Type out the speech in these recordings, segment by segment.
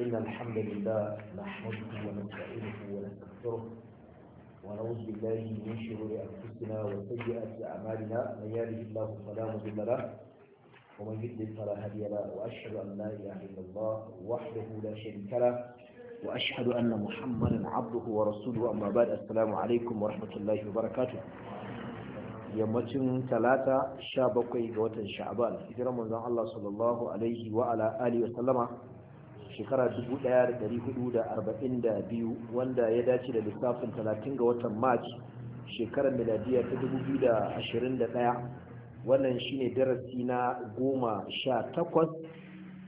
إن الحمد لله نحمده ونستعينه ونستغفره ونعوذ بالله من شرور أنفسنا وسيئات أعمالنا من يهده الله فلا مضل له ومن يضلل فلا هادي له وأشهد أن لا إله إلا الله وحده لا شريك له وأشهد أن محمدا عبده ورسوله أما بعد السلام عليكم ورحمة الله وبركاته yammacin talata sha bakwai شعبان watan رمضان الله صلى الله عليه وعلى آله وسلم shekara 1442 wanda ya dace da lissafin 30 ga watan march shekarar miladiya ta 2021 wannan shine darasi na 18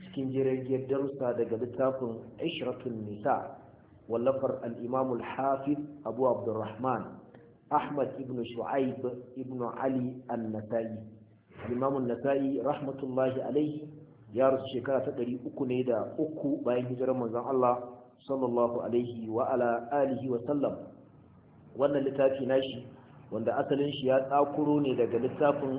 cikin jirgin darussa daga littafin ishratun nisa wallafar al'imamul hafiz abu abdurrahman ahmad ibn shu'aib ibn ali al-nasa'i imamun nasa'i rahmatullahi alaihi ya rasu shekara ta ɗari uku ne da uku bayan hijirar manzon Allah sallallahu alaihi wa ala alihi wa sallam wannan littafi nashi wanda asalin shi ya tsakuro ne daga littafin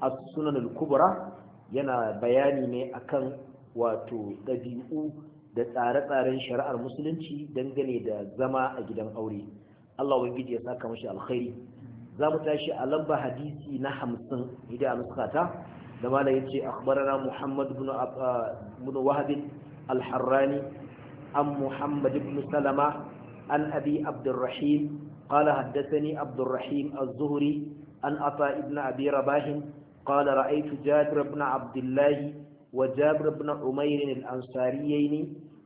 as-sunan al-kubra yana bayani ne akan wato dabi'u da tsare-tsaren shari'ar musulunci dangane da zama a gidan aure Allah ubangiji ya saka mashi alkhairi za mu tashi a lamba hadisi na hamsin idan a da mala yace akhbarana muhammad ibn ibn wahab al-harrani am muhammad ibn salama an abi abdurrahim قال حدثني عبد الرحيم الزهري عن عطاء ابن أبي رباح قال رأيت جابر بن عبد الله وجابر بن عمير الأنصاريين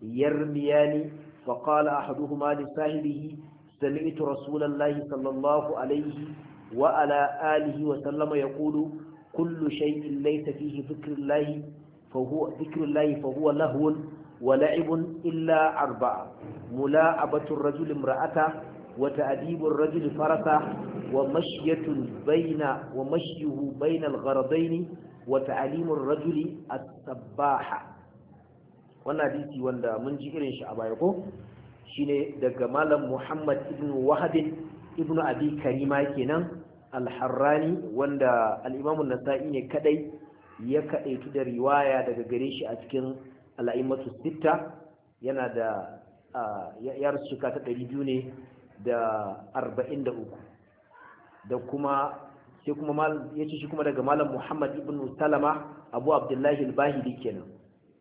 يرميان فقال أحدهما لصاحبه سمعت رسول الله صلى الله عليه وعلى آله وسلم يقول kullu shay'in laysa fihi dhikrullahi fa huwa dhikrullahi fa illa arba'a mula'abatu ar-rajul imra'ata wa ta'dibu ar farasa wa mashyatun bayna wa wa ta'limu ar-rajuli as-sabaha wannan hadisi wanda mun ji irin shi a baya ko shine daga malam Muhammad ibn Wahab ibn Abi Karima kenan al wanda alimamun na nasa'i ne kadai ya kadaitu da riwaya daga gare shi a cikin al'aimatu sita, yana da yar suka ta 200 ne da arba'in da kuma sai kuma ya ce shi kuma daga malam muhammad ibn salama abu abdullahi al-bahili kenan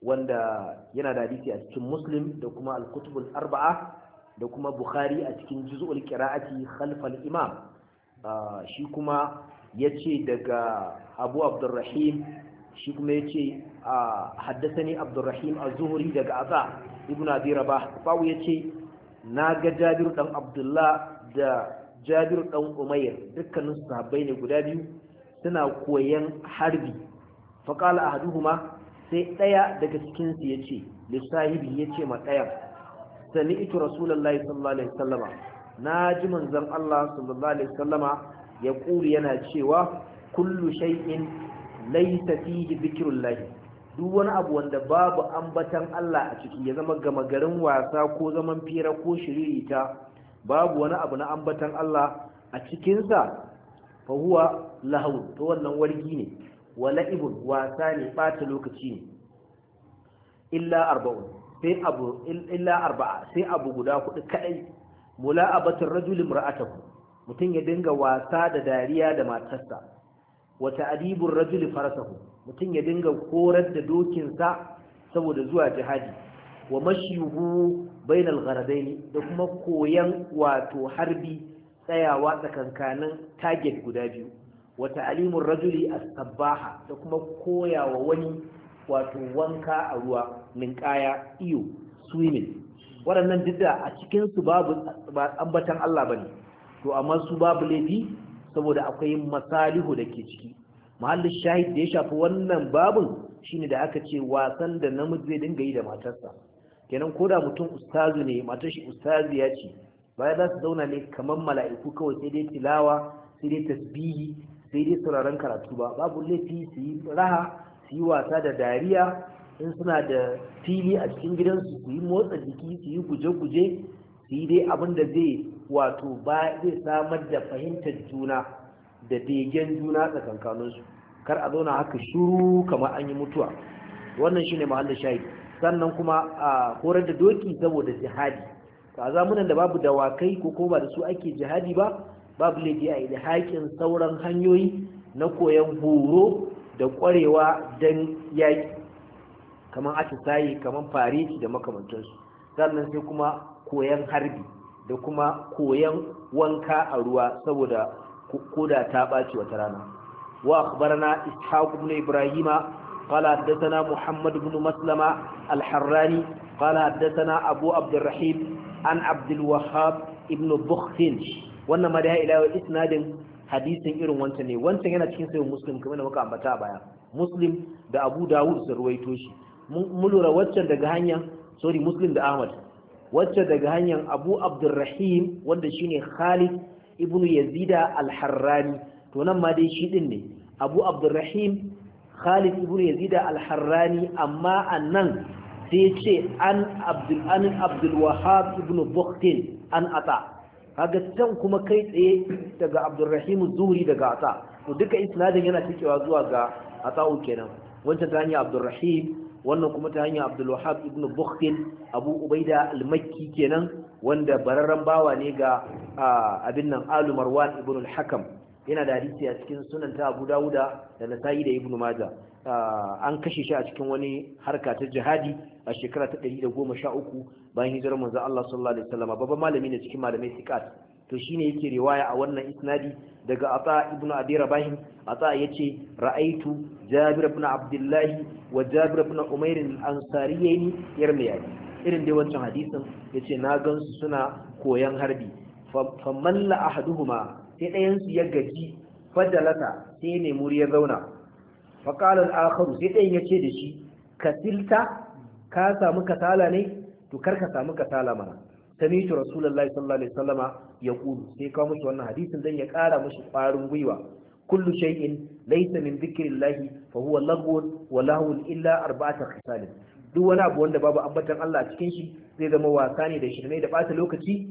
wanda yana da hadisi a cikin muslim da kuma al-kutubul arba'a da kuma bukhari a cikin juz'ul qira'ati khalfal imam Ah, shi kuma ya ce daga abu abdurrahim shi kuma ya ce ah, haddasa ne abdurrahim a zuhuri daga aza ibn abi rabah bawu ya ce na ga jabiru dan abdullah da jabiru dan umair dukkanin sahabbai ne guda biyu suna koyan harbi faƙala a haduhuma sai ɗaya daga cikinsu ya ce lissahibi ya ce ma ɗayan Sani ito rasulallah sallallahu alaihi sallama na ji manzon Allah sallallahu alaihi wasallama ya kuri yana cewa kullu shay'in laysa fihi dhikrullah duk wani abu wanda babu ambatan Allah a ciki ya zama gama garin wasa ko zaman fira ko shiririta babu wani abu na ambatan Allah a cikinsa fa huwa lahu to wannan wargi ne wala ibun wasa ne bata lokaci ne illa arba'un sai abu illa arba'a sai abu guda kuɗi kadai mula'abatul rajul imra'atahu mutum ya dinga wasa da dariya da matarsa wa adibin rajul farasahu mutum ya dinga korar da dokinsa saboda zuwa jihadi wa mashyuhu bainal gharadaini da kuma koyan wato harbi tsayawa tsakankanin target guda biyu wata alimun rajuli as sabbaha da kuma koyawa wani wato wanka a ruwa ninkaya iyo swimming waɗannan duk a a cikinsu babu ambatan Allah ba ne to amma su babu laifi saboda akwai masalihu da ke ciki mahallin shahid da ya shafi wannan babun shine da aka ce wasan da namiji zai dinga yi da matarsa kenan ko da mutum ustazu ne matar shi ustazu ya ce baya za su zauna ne kamar mala'iku kawai sai dai tilawa sai dai tasbihi sai dai sauraron karatu ba babu laifi su yi raha su yi wasa da dariya in suna da fili a cikin gidansu su yi motsa jiki su yi guje-guje su yi dai abin da zai wato ba zai samar da fahimtar juna da degen juna tsakankaninsu kar a zauna haka shuru kamar an yi mutuwa wannan shine mahallin shahidi sannan kuma a horar da doki saboda jihadi a zamanin da babu dawakai ko kuma ba da su ake jihadi ba babu laifi a yi haƙin sauran hanyoyi na koyon horo da ƙwarewa don yaƙi kamar atisayi kamar fariki da makamantansu sannan sai kuma koyan harbi da kuma koyan wanka a ruwa saboda koda ta ɓaci wata rana wa akhbarana ishaq ibn ibrahima قال حدثنا muhammad بن maslama الحراني قال حدثنا أبو عبد الرحيم عن عبد wannan ma da ila isnadin hadisin irin wancan ne wancan yana cikin sayin muslim kamar da muka ambata a baya muslim da abu dawud sun ruwaito shi mun lura waccan daga hanyar sorry muslim da ahmad wacce daga hanyar abu abdurrahim wanda shine khalid ibnu yazida al-harrani to nan ma dai shi din ne abu abdurrahim khalid ibnu yazida al-harrani amma annan sai ce an abdul an abdul wahab ibnu bukhtin an ata kaga can kuma kai tsaye daga abdurrahim zuri daga ata to duka isnadin yana cikewa zuwa ga ata kenan wancan ta hanyar abdurrahim wannan kuma ta hanyar abdulwahab ibn bukhtin abu ubaida al-makki kenan wanda bararren bawa ne ga abin nan alu marwan ibn al-hakam yana da hadisi a cikin sunan ta abu dawuda da nasa'i da ibn maja an kashe shi a cikin wani harka ta jihadi a shekara ta 113 bayan hijirar manzo Allah sallallahu alaihi wasallam babban malami ne cikin malamai sikat to shine yake riwaya a wannan isnadi daga ata ibn abi rabah ata yace ra'aitu jabir ibn abdullah wa jabir ibn umair al-ansariyin yarmiya irin dai wancan hadisin yace na gansu suna koyan harbi fa malla ahaduhuma sai ɗayan su ya gaji fadalata sai ne muri ya zauna qala al-akhar sai ɗayan yace da shi kasilta ka samu kasala ne to kar samu kasala mana sami'tu rasulullahi sallallahu alaihi wasallama yaqulu sai kawo musu wannan hadisin dan ya kara musu kwarin gwiwa kullu shay'in laysa min dhikrillahi fa huwa lagwun wa lahun illa arba'atu khisalin duk wani abu wanda babu ambatan Allah a cikin shi zai zama wasa ne da shirme da bata lokaci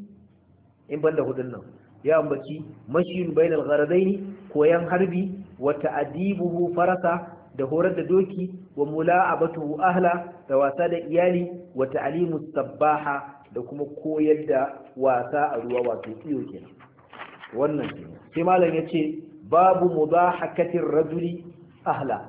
in banda hudun nan ya ambaci mashin bainal gharadaini koyan harbi wa ta'dibuhu farasa da horar da doki wa mula'abatuhu ahla da wasa da iyali wa ta'limu sabbaha da kuma koyar da wasa a ruwa wato iyo kenan wannan sai malam yace babu mudahakatir rajuli ahla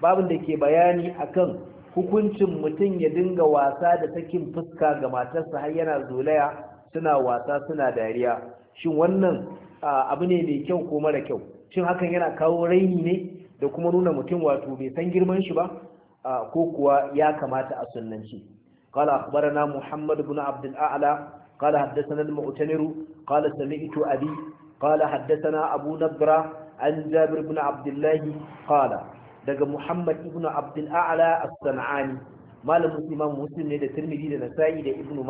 babin da ke bayani akan hukuncin mutum ya dinga wasa da sakin fuska ga matarsa har yana zolaya suna wasa suna dariya shin wannan abu ne mai kyau ko mara kyau shin hakan yana kawo raini ne da kuma nuna mutum wato bai san girman shi ba ko kuwa ya kamata a sunnanci قال أخبرنا محمد بن عبد الأعلى قال حدثنا المؤتمر قال سمعت أبي قال حدثنا أبو نبرة عن جابر بن عبد الله قال دق محمد بن عبد الأعلى الصنعاني مال مسلم مسلم لدى ترمذي لدى ابن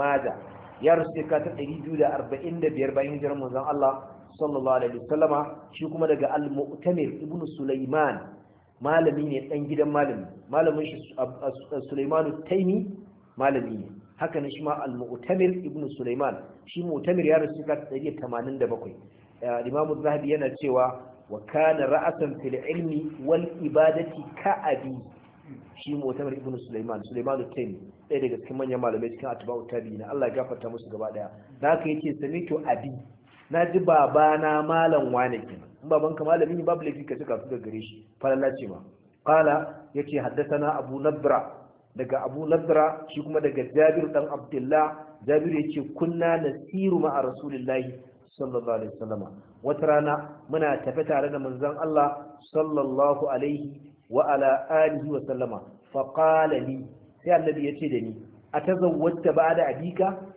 ya rasu ta ɗari biyu da arba'in da biyar bayan hijirar manzon Allah sallallahu alaihi wasallama shi kuma daga al-mu'tamir ibn Sulaiman malami ne dan gidan malamin Taimi malami ne haka ne shi ma al-mu'tamir ibn sulaiman shi mu'tamir ya rasu ka 87 eh, imam zahabi yana cewa wa kana ra'asan fil ilmi wal ibadati ka abi shi mu'tamir ibn sulaiman sulaiman al-taymi ɗaya daga cikin manyan malamai cikin atba'u tabi'ina Allah ya gafarta musu gaba daya zaka yace samitu abi na ji babana malam wane kenan in babanka malami ne babu laifi ka suka su gare shi falala ce ma qala yace haddathana abu nabra daga abu nadra shi kuma daga jabir dan abdullah jabir yace kunna nasiru ma'a rasulullahi sallallahu alaihi wasallam wata rana muna tafe tare da manzon Allah sallallahu alaihi wa ala alihi wa sallama fa ni. sai annabi yace da ni ba ba'da abika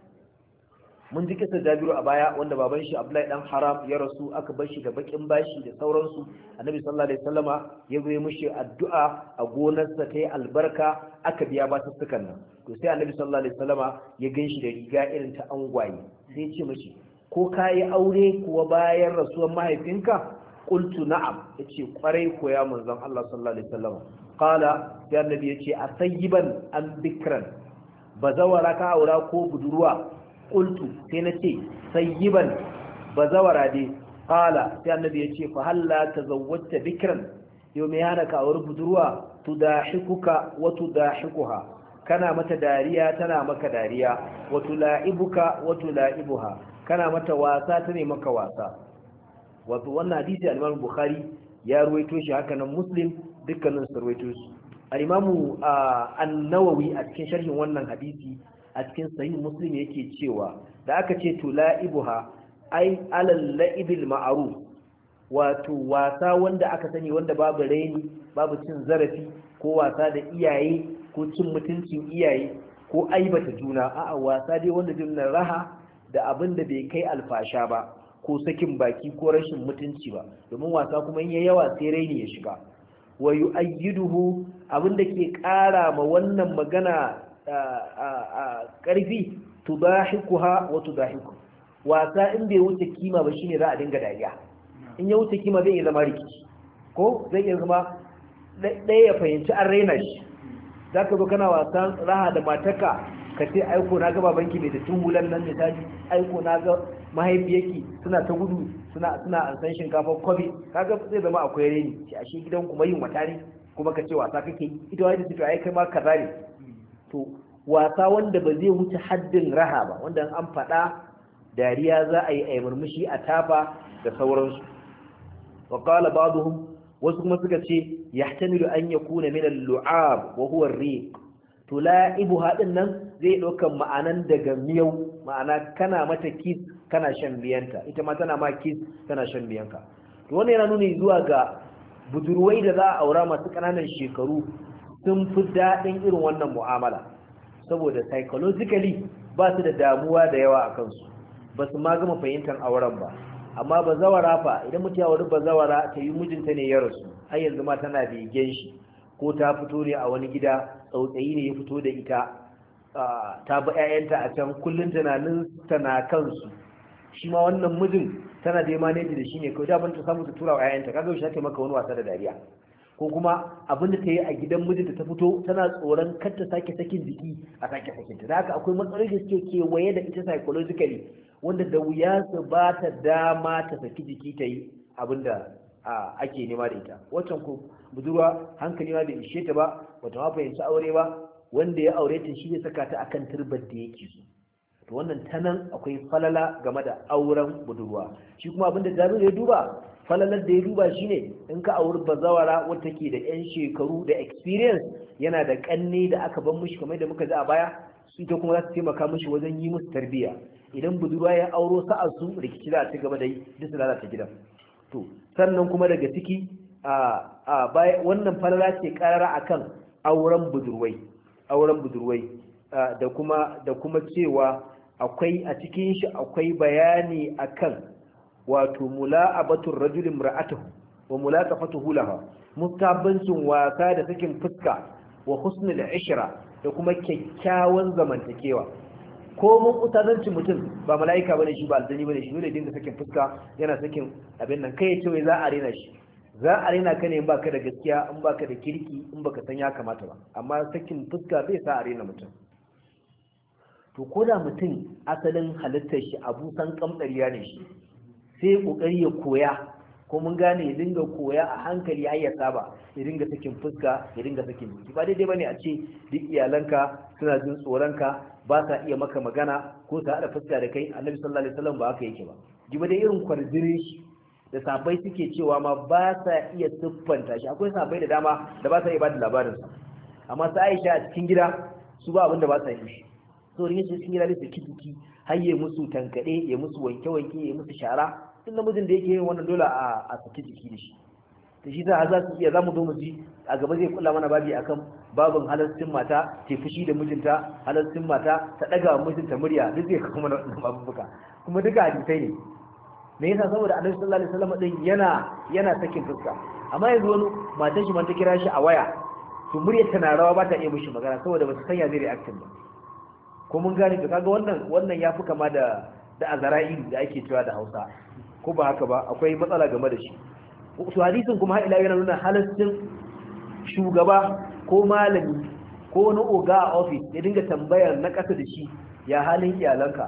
mun ji kisa jabiru a baya wanda baban shi abdullahi dan haram ya rasu aka bar shi da bakin bashi da sauransu annabi sallallahu alaihi wasallama ya zo mishi addu'a a gonarsa ta yi albarka aka biya ba sukan nan to sai annabi sallallahu alaihi wasallama ya ganshi da riga irin ta angwaye sai ya ce mishi ko ka yi aure kuwa bayan rasuwar mahaifinka qultu na'am yace kwarai ko ya manzon Allah sallallahu alaihi wasallama qala sai annabi yace asayiban an bikran bazawara ka aura ko budurwa qultu sai nace sayyiban bazawara dai qala sai annabi yace fa halla tazawwajta bikran yau mai hana ka aure budurwa tudahikuka wa tudahikuha kana mata dariya tana maka dariya wa la'ibuka, wa la'ibuha kana mata wasa ta ne maka wasa wato wannan hadisi al-Imam Bukhari ya ruwaito shi haka nan Muslim dukkanin su ruwaito shi al-Imam ah, An-Nawawi a cikin sharhin wannan hadisi a cikin sahih muslim yake cewa da aka ce to laibuha ai alal la'ibil ma'ruf wato wasa wanda aka sani wanda babu raini babu cin zarafi ko wasa da iyaye ko cin mutuncin iyaye ko aibata juna a'a wasa dai wanda juna raha da abinda bai kai alfasha ba ko sakin baki ko rashin mutunci ba domin wasa kuma in yawa sai raini ya shiga wa yu'ayyiduhu abin da ke kara ma wannan magana ƙarfi tudahikuha wa tudahiku wasa in bai wuce kima ba shine za a dinga dariya in ya wuce kima zai iya zama rikici ko zai iya zama ɗaya ya fahimci an raina shi za ka zo kana wasan raha da mataka ka ce aiko na gaba banki mai da tubulan nan tashi aiko na ga mahaifiyarki suna ta gudu suna suna shinkafar shinkafa Ka ga zai zama akwai reni shi ashe gidan kuma yin wata ne kuma ka ce wasa kake ita wani ta aka ma kaza ne to wasa wanda ba zai wuce haddin raha ba wanda an faɗa dariya za a yi a murmushi a tafa da sauransu wa qala ba'dhum wasu kuma suka ce yahtamilu an yakuna min al-lu'ab wa huwa ar-riq to la'ibu hadin nan zai dauka ma'anan daga miyau ma'ana kana mata kis, kana shan biyanta ita ma tana ma kis, tana shan biyanka to wannan yana nuni zuwa ga budurwai da za a aura masu ƙananan shekaru sun fi daɗin irin wannan mu'amala saboda psychologically ba su da damuwa da yawa a kansu ba su ma gama fahimtar auren ba amma ba zawara fa idan mutu ya ba zawara ta yi mijinta ne ya rasu har yanzu ma tana begen shi ko ta fito ne a wani gida tsautsayi ne ya fito da ita ta bi 'ya'yanta a can kullum tunanin na kansu shi ma wannan mijin tana da maneji da shi ne kawai ban ta samu ta tura wa 'ya'yanta kaga shi ta maka wani wasa da dariya ko kuma abin da ta yi a gidan mijinta ta fito tana tsoron kanta sake sakin jiki a sake sakinta da haka akwai matsalar da suke kewaye da ita psychologically wanda da wuya su ba ta dama ta saki jiki ta yi abin da ake nema da ita waccan ku budurwa hankali ma bai ishe ta ba wata ma fahimci aure ba wanda ya aure ta shi ya saka ta akan turbar da yake so to wannan tanan akwai falala game da auren budurwa shi kuma abin da ya duba falalar da ya duba shi ne, in ka auri bazawara wata ke da yan shekaru da experience yana da kanne da aka ban mushi kamar da muka ji a baya su ta kuma za su taimaka mushi wajen yi musu tarbiyya idan budurwa ya auro sa'ar su rikici za a ci gaba da yi duk su lalata gidan to sannan kuma daga ciki a wannan falala ce karara akan auren budurwai auren budurwai da kuma da kuma cewa akwai a cikin shi akwai bayani akan wato mula'abatur rajulin mar'atahu wa mulatafatuhu laha mutabbancin wasa da sakin fuska wa husnul ishra da kuma kyakkyawan zamantakewa ko mun utazanci mutum ba mala'ika bane shi ba aljani bane shi dole dinga sakin fuska yana sakin abin nan kai ce wai za a rena shi za a rena ka ne in baka da gaskiya in baka da kirki in baka san ya kamata ba amma sakin fuska bai sa a rena mutum to ko da mutum asalin halittar shi abu san kamdariya ne shi sai kokari ya koya ko mun gane ya dinga koya a hankali har ya saba ya dinga sakin fuska ya dinga sakin jiki ba daidai bane a ce duk iyalanka suna jin tsoronka ba sa iya maka magana ko sa hada fuska da kai annabi sallallahu alaihi wasallam ba haka yake ba jiba dai irin kwarjire da sabai suke cewa ma ba sa iya siffanta shi akwai sabai da dama da ba sa iya bada labarin sa amma sa Aisha a cikin gida su ba abin da ba sa yi shi so rinje cikin gida ne su har ya musu tankade ya musu wanke wanke ya musu shara duk namijin da yake yin wannan dole a saki jiki da shi da shi za za su iya za mu zo mu ji a gaba zai kula mana babi akan babin halastin mata ta fushi da mijinta halastin mata ta daga wa mijinta murya duk zai kawo mana wannan babubuka kuma duka hadisai ne me yasa saboda annabi sallallahu alaihi wasallam din yana yana sakin fuska amma yanzu wani matan shi ta kira shi a waya to muryar tana rawa ba ta iya mishi magana saboda ba su sanya zai reaction ba ko mun gane to kaga wannan wannan fi kama da da azara'il da ake cewa da Hausa ko ba haka ba akwai matsala game da shi su hadisin kuma har ila yana nuna halastin shugaba ko malami ko wani oga a ofis ya dinga tambayar na ƙasa da shi ya halin iyalanka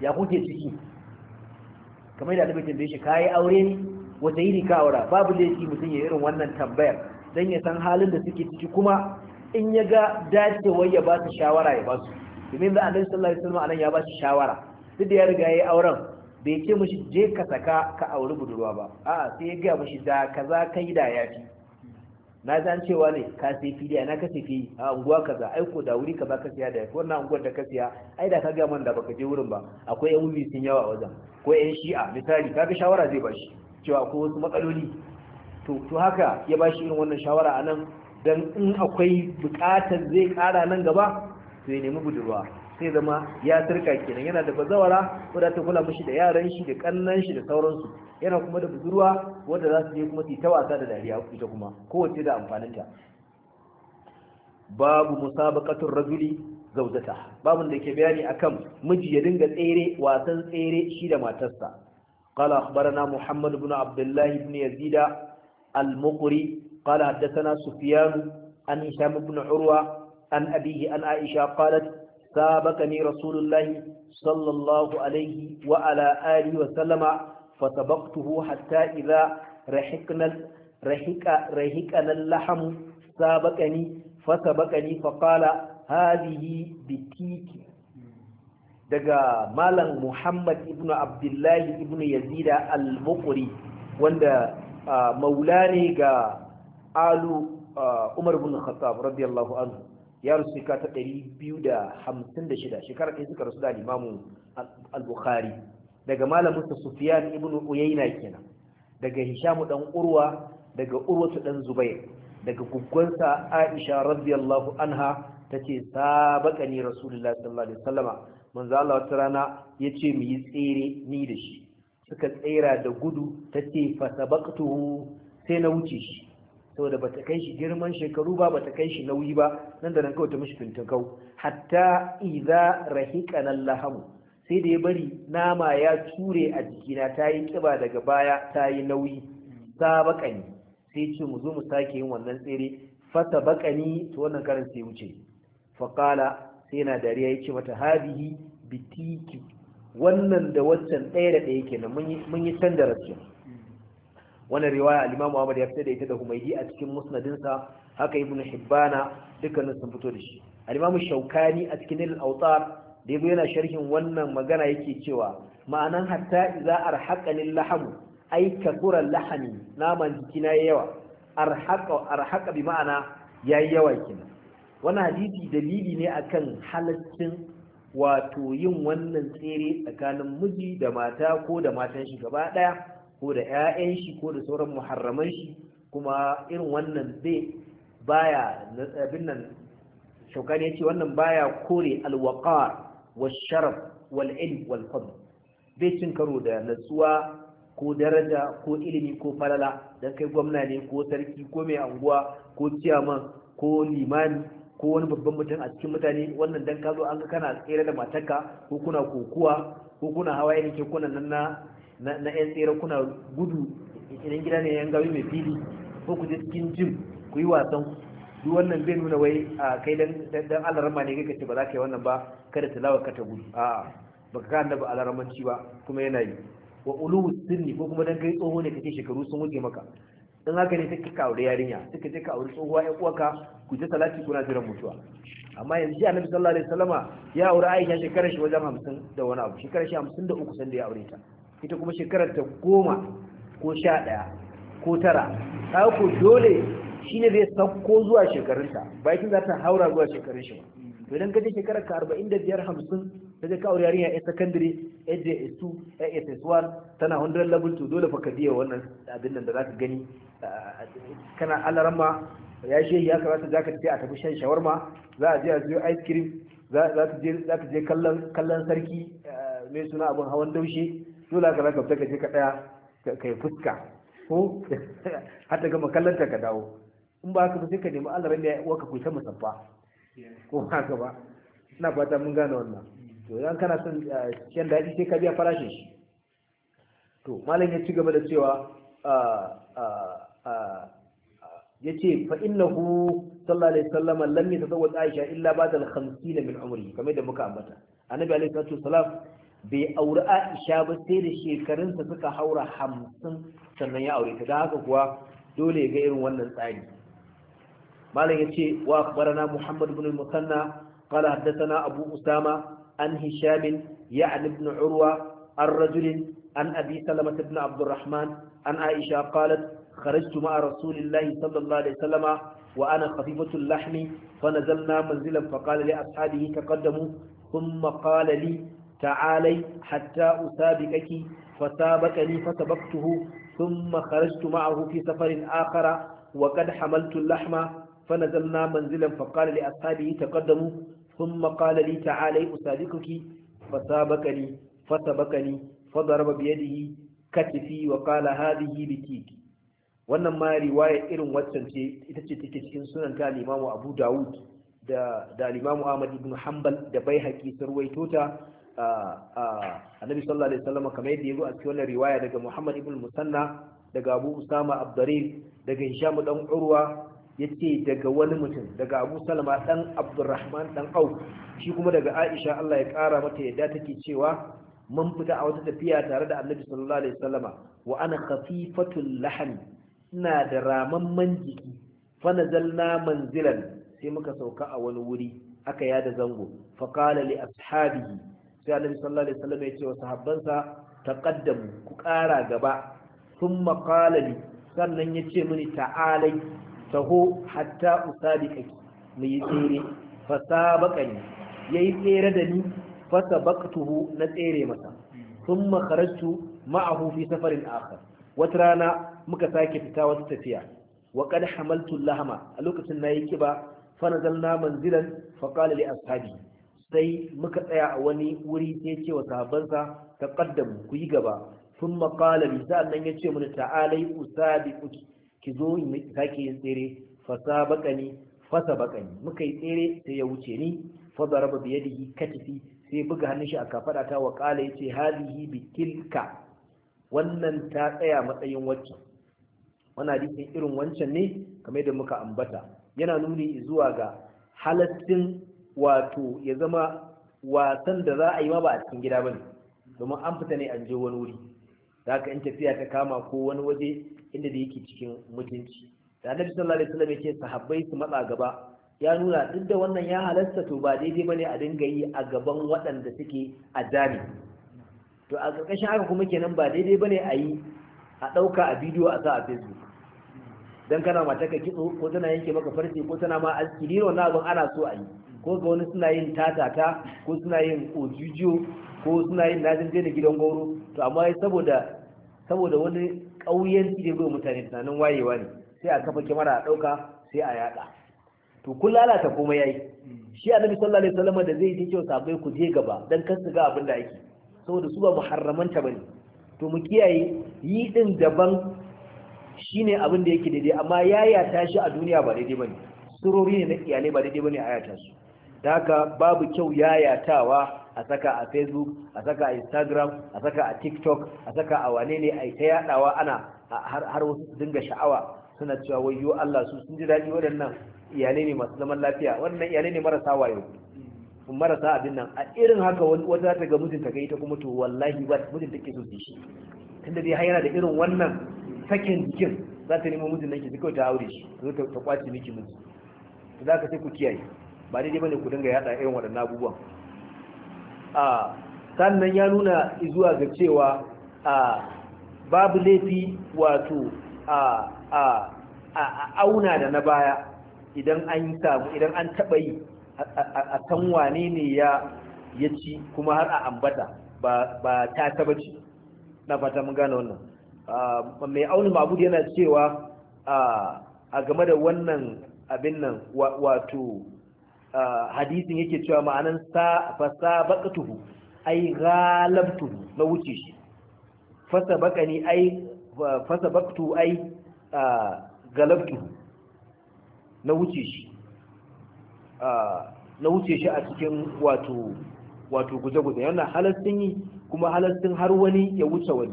ya kuke ciki kamar da alibai tambaye shi kayi aure ne wata yi ka aura babu laifi mutum ya irin wannan tambayar don ya san halin da suke ciki kuma in ya ga dacewar ya ba su shawara ya ba su domin da annabi sallallahu anan ya ba su shawara duk da ya riga ya yi auren bai ce mishi je ka saka ka auri budurwa ba a sai ya gaya mishi da kaza yi da ya fi na san cewa ne ka sai fili na ka sai a unguwa kaza ai ko da wuri kaza ka siya da wannan unguwar da ka siya ai da ka ga man da baka je wurin ba akwai yan wuri sun yawa wajen ko yan shi'a misali kaga shawara zai bashi cewa ko wasu matsaloli to to haka ya bashi irin wannan shawara a nan? dan in akwai bukatar zai kara nan gaba to ya nemi budurwa sai zama ya turka kenan yana da bazawara wadda ta kula mashi da yaran shi da kannan shi da sauransu yana kuma da budurwa wadda za su je kuma su ta wasa da dariya ita kuma kowace da amfaninta babu musabaqatur rajuli zaujata babun da ke bayani akan miji ya dinga tsere wasan tsere shi da matarsa قال أخبرنا muhammad بن Abdullahi الله Yazida al المقري قال حدثنا سفيان عن هشام بن عروة an أبيه عن عائشة سابقني رسول الله صلى الله عليه وعلى آله وسلم فسبقته حتى إذا رحقنا رحق رحقنا اللحم سابقني فسبقني فقال هذه بتيك daga malam Muhammad ibn Abdullahi ibn Yazida al-Bukhari wanda maula ne ga Alu Umar ibn Khattab radiyallahu anhu ya rasu shekara ta ɗari biyu da hamsin da shida shekara ɗaya suka rasu da limamu al-bukhari daga malamin sa sufiyan ibn uyayna kenan daga hishamu dan urwa daga urwatu dan zubair daga goggonsa aisha radiyallahu anha tace sabaqani rasulullahi sallallahu alaihi wasallama manzo Allah wata rana yace mu yi tsere ni da shi suka tsera da gudu tace fa sabaqtuhu sai na wuce shi saboda ba ta kai shi girman shekaru ba ba ta kai shi nauyi ba nan da nan kawai ta mishi fintinkau hatta idza rahiqan lahamu sai da ya bari nama ya ture a jikina ta yi kiba daga baya ta yi nauyi bakani sai ce mu zo mu sake yin wannan tsere fata bakani to wannan karin sai wuce fa sai na dariya yace mata hadihi bitiki wannan da waccan ɗaya da ɗaya kenan mun yi mun yi Wani riwaya al Ahmad ya fita da ita da Humaydi a cikin musnadinsa haka Ibn Hibbana dukkanin sun fito da shi al shaukani a cikin al-Awtar da yazo yana sharhin wannan magana yake cewa ma'anan hatta idza arhaqani lahamu ay kathura lahani naman jikina yawa arhaqa bi ma'ana yayi yawa kina wannan hadisi dalili ne akan halaccin wato yin wannan tsere tsakanin miji da mata ko da matan shi gaba ɗaya ko da 'ya'yan shi ko da sauran muharraman shi kuma irin wannan zai baya tsabin nan shaukani ya ce wannan baya kore alwaqar wa sharaf wal ilm wal bai cin karo da natsuwa ko daraja ko ilimi ko falala dan kai gwamna ne ko sarki ko mai anguwa ko ciyaman ko limani ko wani babban mutum a cikin mutane wannan dan ka zo an ga kana tsere da matarka ko kuna kokuwa ko kuna hawa irin kuna nan na na yan tsere kuna gudu idan gida ne yan gawi mai fili ko ku je cikin jim ku yi wasan duk wannan zai nuna wai a kai dan dan alarma ne kake ce ba za ka yi wannan ba kada tilawa ka ta gudu a'a baka ka annabi alarmanci ba kuma yana yi wa ulu sunni ko kuma dan kai tsoho ne kake shekaru sun wuce maka dan haka ne take ka aure yarinya take take ka aure tsohuwa ya uwaka ku je salati kuna jiran mutuwa amma yanzu annabi sallallahu alaihi wasallama ya aure Aisha shekarar shi wajen 50 da wani abu shekarar shi 53 sanda da ya aure ta ita kuma shekarar ta goma ko sha ɗaya ko tara ta ko dole shi ne zai sauko zuwa shekarunta bakin za ta haura zuwa shekarun shi to idan ka je shekarar ka arba'in da biyar hamsin ta je ka yarinya a secondary ajs2 ajs1 tana 100 level to dole faka biya wannan abin nan da za ka gani kana alarama ya shehi ya kamata za ka a tafi shan shawarma za a je a siyo ice cream za ka je kallon sarki eh, mai suna abin hawan daushe dole ka za ka fita ka je ka ɗaya ka yi fuska ko har gama kallon ka dawo in ba ka fi ka nemi Allah ran da ya uwarka ku ta musaffa ko ka ba ina fata mun gane wannan to idan kana son kyan eh, daɗi sai ka biya farashin shi to malam ya ci gaba da cewa ah, ah, ah, ya ce fa innahu sallallahu alaihi wasallam lam tsawon Aisha illa ba'da al-50 min umri kamar da muka ambata annabi alaihi salatu wasalam bai auri aisha ba sai da shekarunsa suka haura hamsin sannan ya aure ta da haka kuwa dole ga irin wannan tsari malam ya ce wa akbarana muhammad bin musanna qala haddathana abu usama an hisham ya'ni ibn urwa an rajul an abi salama ibn abdurrahman an aisha qalat خرجت مع رسول الله صلى الله عليه وسلم وأنا خفيفة اللحم فنزلنا منزلا فقال لأصحابه تقدموا ثم قال لي ta'alai hatta usabiqaki fasabaqani fasabaqtuhu thumma kharajtu ma'ahu fi safarin akhara wa qad hamaltu lahma فنزلنا منزلا فقال لأصحابه تقدموا ثم قال لي تعالي أسابقك فسابقني فسبقني فضرب بيده كتفي وقال هذه بتيك wannan ma riwaya irin waccan ce ita ce take cikin sunan ta limamu abu dawud da da limamu ahmad ibn hanbal da bai haƙi sarwaito ta annabi sallallahu alaihi wasallam kamar yadda yazo a cikin wannan riwaya daga Muhammad ibn Musanna daga Abu Usama Abdarin daga Hisham dan Urwa yace daga wani mutum daga Abu Salama dan Abdurrahman dan au shi kuma daga Aisha Allah ya kara mata yadda take cewa mun fita a wata tafiya tare da Annabi sallallahu alaihi wasallama wa ana khafifatul lahmi ina da ramamman jiki fa nazalna manzilan sai muka sauka a wani wuri aka yada zango fa qala li ashabihi sai annabi sallallahu alaihi wasallam ya ce wa sahabbansa taqaddamu ku ƙara gaba thumma qala li sannan ya ce mini ta'alai taho hatta usabiqaki mu yi tsere fa sabaqani yayi tsere da ni fa sabaqtuhu na tsere masa thumma kharajtu ma'ahu fi safarin akhar wata rana muka sake fita wata tafiya wa qad hamaltu lahama a lokacin nayi kiba fa nazalna manzilan fa qala li ashabi sai muka tsaya a wani wuri sai ce wa sahabbansa ta kaddamu ku yi gaba sun makala bi sa'annan ya ce ta'alai usabi uki ki zo in sake yin tsere fasa bakani fasa bakani muka yi tsere sai ya wuce ni fa zaraba bi yadihi katifi sai buga hannun shi a kafada ta wa kala yace hadihi bi tilka wannan ta tsaya matsayin wacce wannan hadisin irin wancan ne kamar da muka ambata yana nuni zuwa ga halattin wato ya zama wasan da za a yi ma ba a cikin gida ba ne domin an fita ne an je wani wuri za ka in tafiya ta kama ko wani waje inda da yake cikin mutunci da annabi sallallahu alaihi wasallam yake sahabbai su matsa gaba ya nuna duk da wannan ya halasta to ba daidai bane a dinga yi a gaban waɗanda suke a jami to a ƙarƙashin haka kuma kenan ba daidai bane a yi a ɗauka a bidiyo a sa a facebook dan kana mata ka kitso ko tana yanke maka farce ko tana ma aski ni na abin ana so a yi ko ga wani suna yin tatata ko suna yin ojujiyo ko suna yin nazin da gidan goro to amma saboda saboda wani ƙauyen da bai mutane tunanin wayewa ne sai a kafa kyamara a ɗauka sai a yaɗa to kun lalata komai yayi shi nabi sallallahu alaihi wasallam da zai yi kyau sabai ku je gaba dan kar su ga abin da yake saboda su ba muharraman ta bane to mu kiyaye yi din daban shine abin da yake daidai amma yaya tashi a duniya ba daidai bane surori ne na iyalai ba daidai bane a yata su da haka babu kyau yayatawa a saka a facebook a saka a instagram a saka a tiktok a saka a wane ne a ta yadawa ana har wasu dinga sha'awa suna cewa wayo Allah su sun ji daɗi waɗannan iyalai ne masu zaman lafiya wannan iyalai ne marasa wayo marasa abin nan a irin haka wata ta ga ta ga ita kuma to wallahi ba mijinta ke so shi tunda dai har yana da irin wannan sakin jikin za ta nemo mutum nan zai kawai ta aure shi zai ta kwace miki miji za ka sai ku kiyaye ba daidai bane ku dinga yada irin waɗannan abubuwan a sannan ya nuna zuwa ga cewa a babu laifi wato a a a auna da na baya idan an samu idan an taba yi a san wane ne ya ya ci kuma har a ambata ba ta taba ci na fata mun gane wannan mai auni mabudu yana cewa a game da wannan abin nan wato hadisin yake cewa ma'anan fa sabaqtuhu ai ghalabtuhu na wuce shi fa sabaqani ai fa sabaqtu ai galabtu na wuce shi na wuce shi a cikin wato wato guje-guje yana halastin yi kuma halastin har wani ya wuce wani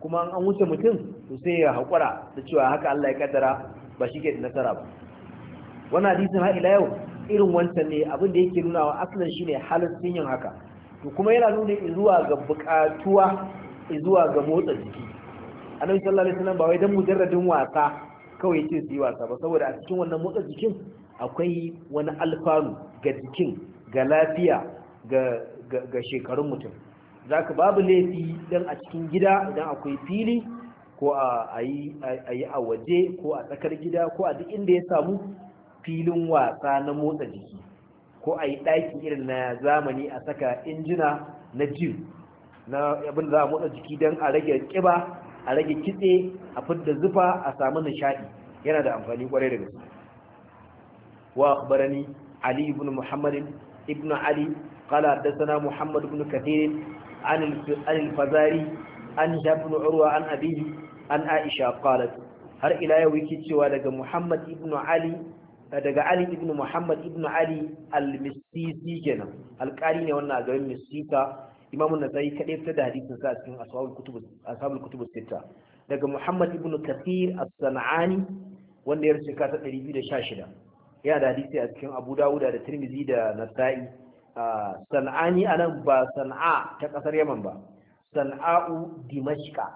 kuma an wuce mutum to sai ya haƙura da cewa haka Allah ya kaddara ba shi ke da nasara ba wannan hadisin har ila yau irin wancan ne abin da yake nuna wa asalin shine sun yin haka to kuma yana nuna zuwa ga bukatuwa zuwa ga motsa jiki annabi sallallahu alaihi wasallam ba wai dan mujarradin wasa kawai yake su yi wasa ba saboda a cikin wannan motsa jikin akwai wani alfanu ga jikin ga lafiya ga shekarun mutum zaka babu laifi dan a cikin gida idan akwai fili ko a yi a waje ko a tsakar gida ko a duk inda ya samu filin wasa na motsa jiki ko a yi ɗaki irin na zamani a saka injina na jim na abin da za a motsa jiki don a rage ƙiba a rage kitse a fidda zufa a samu nishaɗi yana da amfani kwarai da gaske wa akhbarani ali ibn muhammad ibn ali qala sana muhammad ibn kathir an al an ibn urwa an abihi an aisha qalat har ila yau yake cewa daga muhammad ibn ali daga Ali ibn Muhammad ibn Ali al-Misisi kenan alƙari ne wannan a garin Misita Imam An-Nasa'i kadai fitar da hadisin sa cikin Ashabul Kutub Sitta daga Muhammad ibn Kathir as-San'ani wanda ya rubuta ta 216 yana da hadisi a cikin Abu Dawud da Tirmidhi da Nasa'i San'ani anan ba San'a ta kasar Yaman ba San'a'u Dimashqa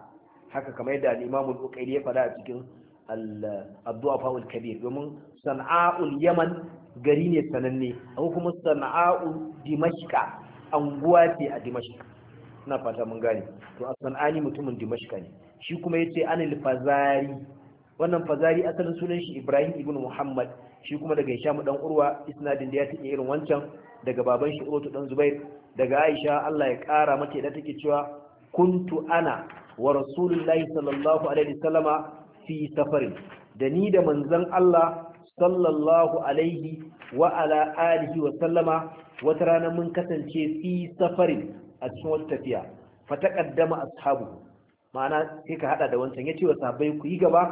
haka kamar yadda al-Imam Al-Bukhari ya faɗa a cikin al kabir domin sana'a'ul yaman gari ne sananne akwai kuma sana'a'ul dimashka anguwa ce a dimashka na fata mun gane to a sana'ani mutumin dimashka ne shi kuma yace anil fazari wannan fazari asalin sunan shi ibrahim ibnu muhammad shi kuma daga ishamu dan urwa isnadin da ya take irin wancan daga baban shi urwatu dan zubair daga aisha allah ya kara mata da take cewa kuntu ana wa rasulullahi sallallahu alaihi wasallama fi safarin da ni da manzon allah sallallahu alaihi wa ala alihi wa sallama wata rana mun kasance fi safarin a cikin wata tafiya fa ashabu ma'ana sai ka hada da wancan yace wa sahabbai ku yi gaba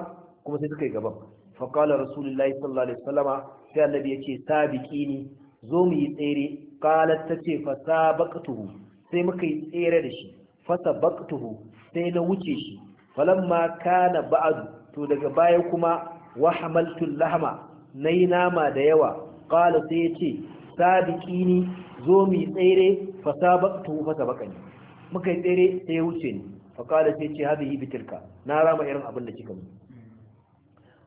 kuma sai suka yi gaban fa qala rasulullahi sallallahu alaihi wasallama sai annabi yace sabiqini zo mu yi tsere qalat tace fa sabaqtuhu sai muka yi tsere da shi fa sabaqtuhu sai na wuce shi falamma kana ba'du to daga baya kuma wa hamaltu lahama na yi nama da yawa ƙala sai ya ce sadiki ni zo tsere yi tsere fasa bakani muka yi tsere sai ya wuce ni faƙala sai ce hada yi na rama irin abin da kika mu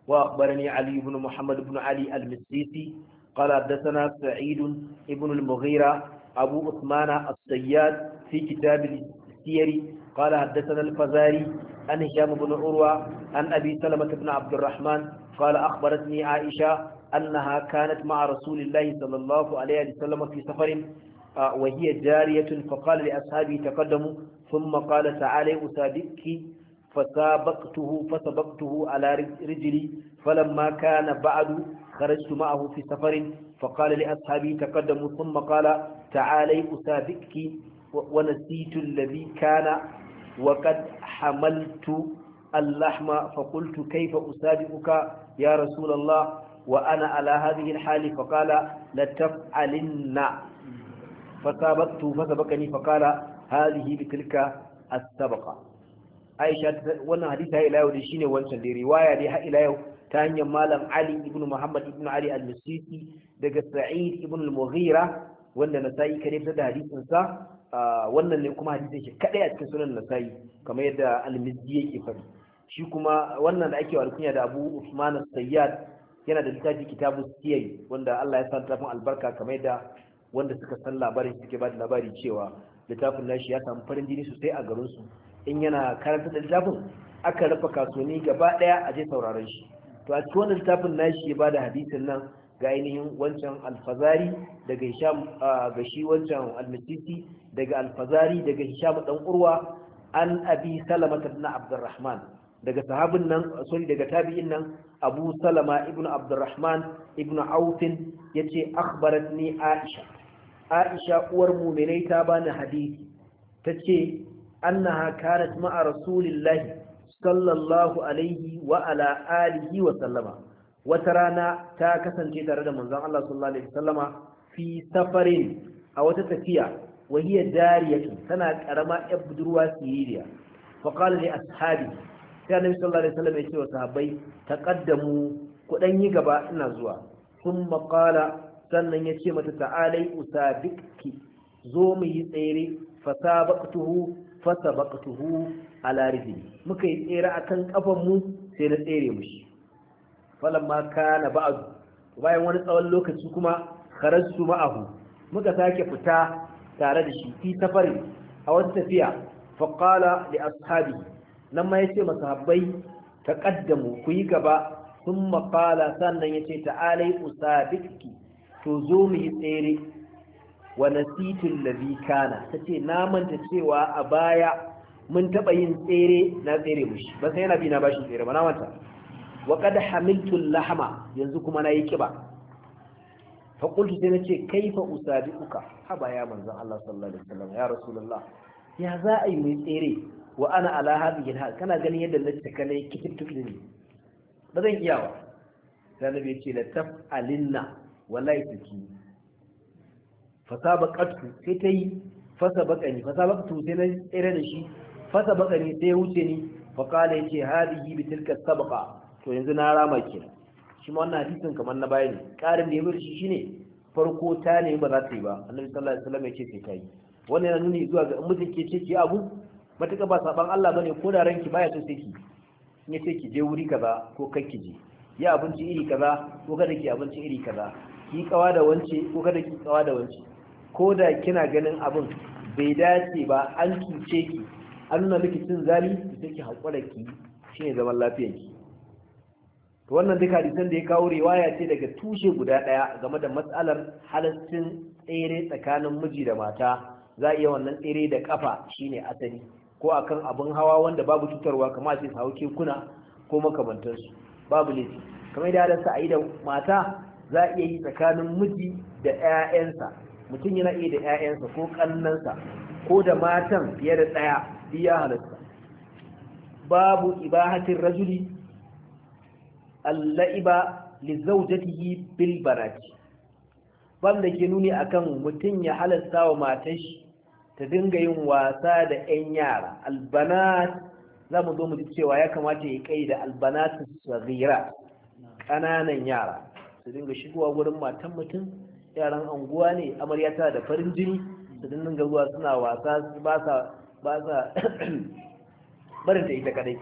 wa barani ali ibn muhammad ibn ali al-misisi قال حدثنا سعيد ابن المغيرة sayyad عثمان الصياد في كتاب qala قال حدثنا الفزاري عن هشام بن عروة عن أبي سلمة بن عبد الرحمن قال أخبرتني عائشة أنها كانت مع رسول الله صلى الله عليه وسلم في سفر آه، وهي جارية فقال لأصحابه تقدموا ثم قال تعالي أسابقك فسابقته فسبقته على رجلي فلما كان بعد خرجت معه في سفر فقال لأصحابه تقدموا ثم قال تعالي أسابقك ونسيت الذي كان وقد حملت اللحم فقلت كيف أسابقك يا رسول الله وأنا على هذه الحال فقال لتفعلن فسابقت فسبقني فقال هذه بتلك السبقة عائشة وانا حديثها إلى يوم شين وانسان دي رواية لها إلى يوم تانيا مالم علي ابن محمد ابن علي المسيسي دقى سعيد ابن المغيرة وانا نسائي كان يبتدى حديث انسا wannan ne kuma hadisi ke kadai a cikin sunan nasa'i kamar yadda al-mizzi yake faɗi shi kuma wannan da ake alkunya da abu usman sayyad yana da littafi kitabu siyai wanda Allah ya sa littafin albarka kamar yadda wanda suka san labarin suke ba da labari cewa littafin nashi ya samu farin jini sosai a garin su in yana karanta da littafin aka rufe kasuwanni gaba daya a je sauraron shi to a cikin wannan littafin nashi ya ba da hadisin nan ga ainihin wancan alfazari daga hisham ga shi wancan almasisi daga alfazari daga hisham dan urwa an abi salama ibn abdurrahman daga sahabin nan sorry daga tabi'in nan abu salama ibn abdurrahman ibn auf yace akhbaratni aisha aisha uwar mu mu'minai ta bani hadisi tace annaha kanat ma'a rasulillahi sallallahu alaihi wa ala alihi wa sallama wata rana ta kasance tare da manzon Allah sallallahu alaihi wasallama fi safarin a wata tafiya wa hiya dariyatu tana karama yar budurwa siriya fa qala li ashabi sai annabi sallallahu alaihi wasallam ya ce wa sahabbai taqaddamu ku dan yi gaba ina zuwa thumma qala sannan ya ce mata ta'alai usabiki zo mu yi tsere fasabaqtuhu fasabaqtuhu ala rijli muka yi tsere akan kafan mu sai na tsere mu shi falamma kana ba'd bayan wani tsawon lokaci kuma kharajtu ma'ahu muka sake fita tare da shi fi safari a wata tafiya fa qala li ashabi nan ma yace masahabbai taqaddamu ku yi gaba thumma qala sannan yace ta'alai usabiki to zo mu yi tsere wa nasitu ladhi kana tace na manta cewa a baya mun taba yin tsere na tsere mushi ba sai yana bi na bashi tsere ba na manta wa qad hamiltu lahama yanzu kuma nayi kiba fa qultu sai ce kaifa uka. haba ya manzon Allah sallallahu alaihi wasallam ya rasulullah ya za a yi mai tsere wa ana ala hadhihi hal kana ganin yadda na cika nayi kitibtu ne ba zan iya ba sai nabi ya ce la taf'alinna wallahi taki fasabaqatu sai tayi fasabaqani fasabaqtu sai na tsere da shi fasabaqani sai ya wuce ni fa qala yace hadhihi bi tilka sabaqa to yanzu na rama kenan shi ma wannan hadisin kamar na baya ne ƙarin da ya shi shine farko ta ne ba za ta yi ba annabi sallallahu alaihi wasallam ya ce sai ta yi wannan yana nuni zuwa ga mutum ke ce ki abu matuƙa ba saban Allah bane ko da ranki baya so sai ki in ya ce ki je wuri kaza ko kai ki je ya abinci iri kaza ko kada ki abinci iri kaza ki kawa da wance ko kada ki kawa da wance ko da kina ganin abin bai dace ba an cuce ki an nuna miki cin zali sai ki haƙura ki shine zaman lafiyanki to wannan duk hadisan da ya kawo riwaya ce daga tushe guda daya game da matsalar halaccin tsere tsakanin miji da mata za a iya wannan tsere da kafa shine asali ko akan abin hawa wanda babu cutarwa kamar sai su hau kekuna ko makamantansu babu laifi kamar da halarsa a yi da mata za a iya yi tsakanin miji da 'ya'yansa mutum yana iya da 'ya'yansa ko kannansa ko da matan fiye da ɗaya biya halarsa babu ibahatin rajuli al-la'iba li zawjatihi bil ban da ke nuni akan mutum ya halasta wa matar shi ta dinga yin wasa da 'yan yara albanat za mu zo mu ji cewa ya kamata ya kai da albanat sagira ƙananan yara su dinga shigowa wurin matan mutum yaran anguwa ne amarya ta da farin jini su dinga zuwa suna wasa ba sa ba sa barin ta ita kadai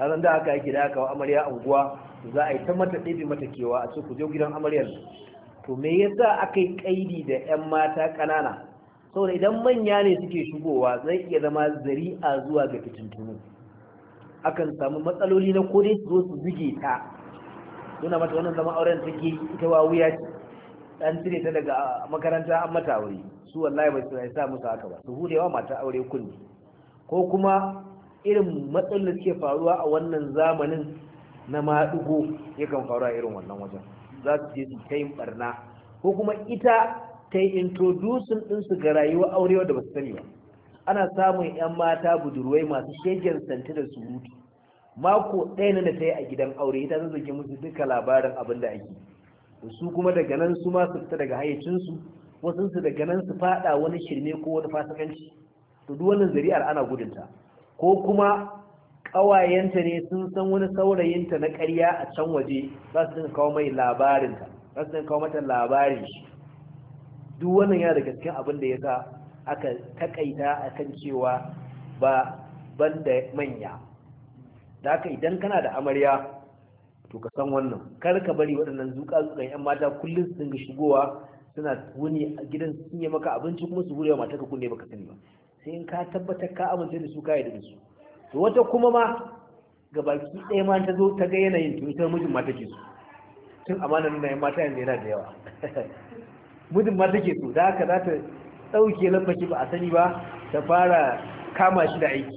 a da aka yi da aka amarya anguwa za a yi ta mata ɗebe mata kewa a cikin ku gidan amaryar to me yasa aka yi kaidi da 'yan mata ƙanana saboda idan manya ne suke shigowa zai iya zama zari'a zuwa ga fitintunu akan samu matsaloli na kodai su zo su buge ta suna mata wannan zama auren take ita wa wuya ce ɗan cire ta daga makaranta an mata aure su wallahi ba su sa musu haka ba su hudewa mata aure kunni ko kuma irin matsalar da suke faruwa a wannan zamanin na maɗugo yakan faru a irin wannan wajen za su je su ta barna ko kuma ita ta yi introducing ɗinsu ga rayuwa aurewa da ba su sani ba ana samun 'yan mata budurwai masu shegen santa da surutu mako ɗaya na da ta a gidan aure ita ta zage musu duka labarin abin da ake su kuma daga nan su ma su fita daga hayyacinsu wasu su daga nan su faɗa wani shirme ko wani fasikanci to duk wannan zari'ar ana gudunta ko kuma ƙawayenta ne sun san wani saurayinta na ƙarya a can waje za su dinga kawo mai labarinta za su dinga kawo mata labarin shi duk wannan yana da cikin abin da ya sa aka takaita akan cewa ba banda manya da haka idan kana da amarya to ka san wannan kar ka bari waɗannan zuƙa-zuƙan yan mata kullum su dinga shigowa suna wuni a gidan sun yi maka abinci kuma su wuri wa ka kunne baka sani ba sai in ka tabbatar ka amince da su ka yi da su to wata kuma ma ga baki ɗaya ma ta zo ta ga yanayin tun ta mijin ma ke so tun amana nuna yin mata yanzu yana da yawa mijin ma ke so da haka za ta ɗauke lambaci ba a sani ba ta fara kama shi da aiki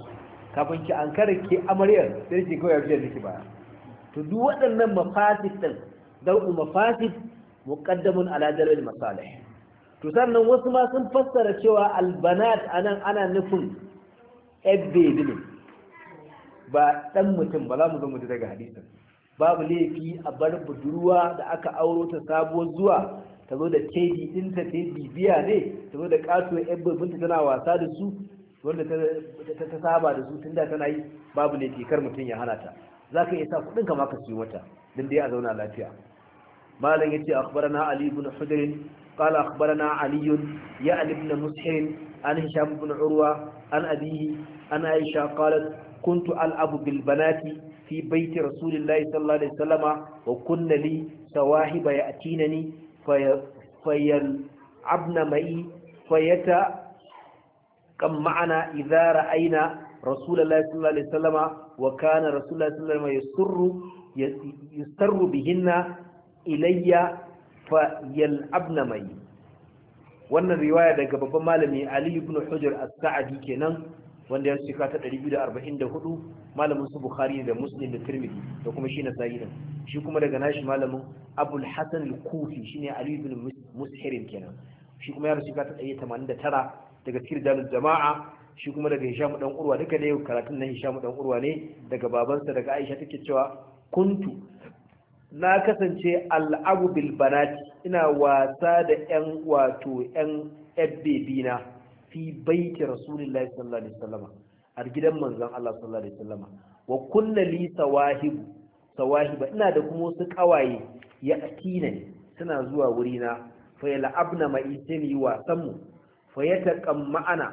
kafin ki an kare ke amaryar sai ce kawai yarjiyar ke ba to duk waɗannan mafasid ɗin dau'u mafasid muqaddamun ala dalil masalih to sannan wasu ma sun fassara cewa albanat anan ana nufin ebbe ne ba ɗan mutum ba za mu zo mu daga hadisin babu laifi a bar budurwa da aka auro ta sabuwar zuwa ta zo da tedi din ta bibiya ne ta zo da ya tana wasa da su wanda ta saba da su tun da tana yi babu laifi kar mutum ya hana ta za ka iya sa kuɗin ka ka siyo wata don dai a zauna lafiya malam yace akhbarana ali ibn hudr قال أخبرنا علي يا ابن مسحر عن هشام بن عروة عن أبيه عن عائشة قالت kuntu al'abu bil fi baiti rasulillahi sallallahu alaihi wasallama wa kunna li sawahiba ya'tinani fayal abna mai fayata kan ma'ana idza ra'ayna rasulullahi sallallahu alaihi wasallama wa kana rasulullahi sallallahu alaihi wasallama yasurru yusarru bihinna ilayya fayal abna wannan riwaya daga babban malami Ali ibn Hujr as-Sa'di kenan wanda ya cika ta 244 malamin su bukhari da muslim da tirmidhi da kuma shi nasa'i din shi kuma daga nashi malamin abul hasan al-kufi shine ali ibn mushirin kenan shi kuma ya rasu shika ta 189 daga tirdalu jama'a shi kuma daga hisham dan urwa duka ne karatun nan hisham dan urwa ne daga babansa daga aisha take cewa kuntu na kasance al'abu bil banati ina wasa da yan wato yan ebbe na fi baiti rasulillahi sallallahu alaihi wasallam a gidan manzon Allah sallallahu alaihi wasallam wa kullu li sawahib sawahiba ina da kuma wasu kawaye ya atina suna zuwa wuri na fa yal'abna ma'i sai yi wasan mu fa yataqamma'ana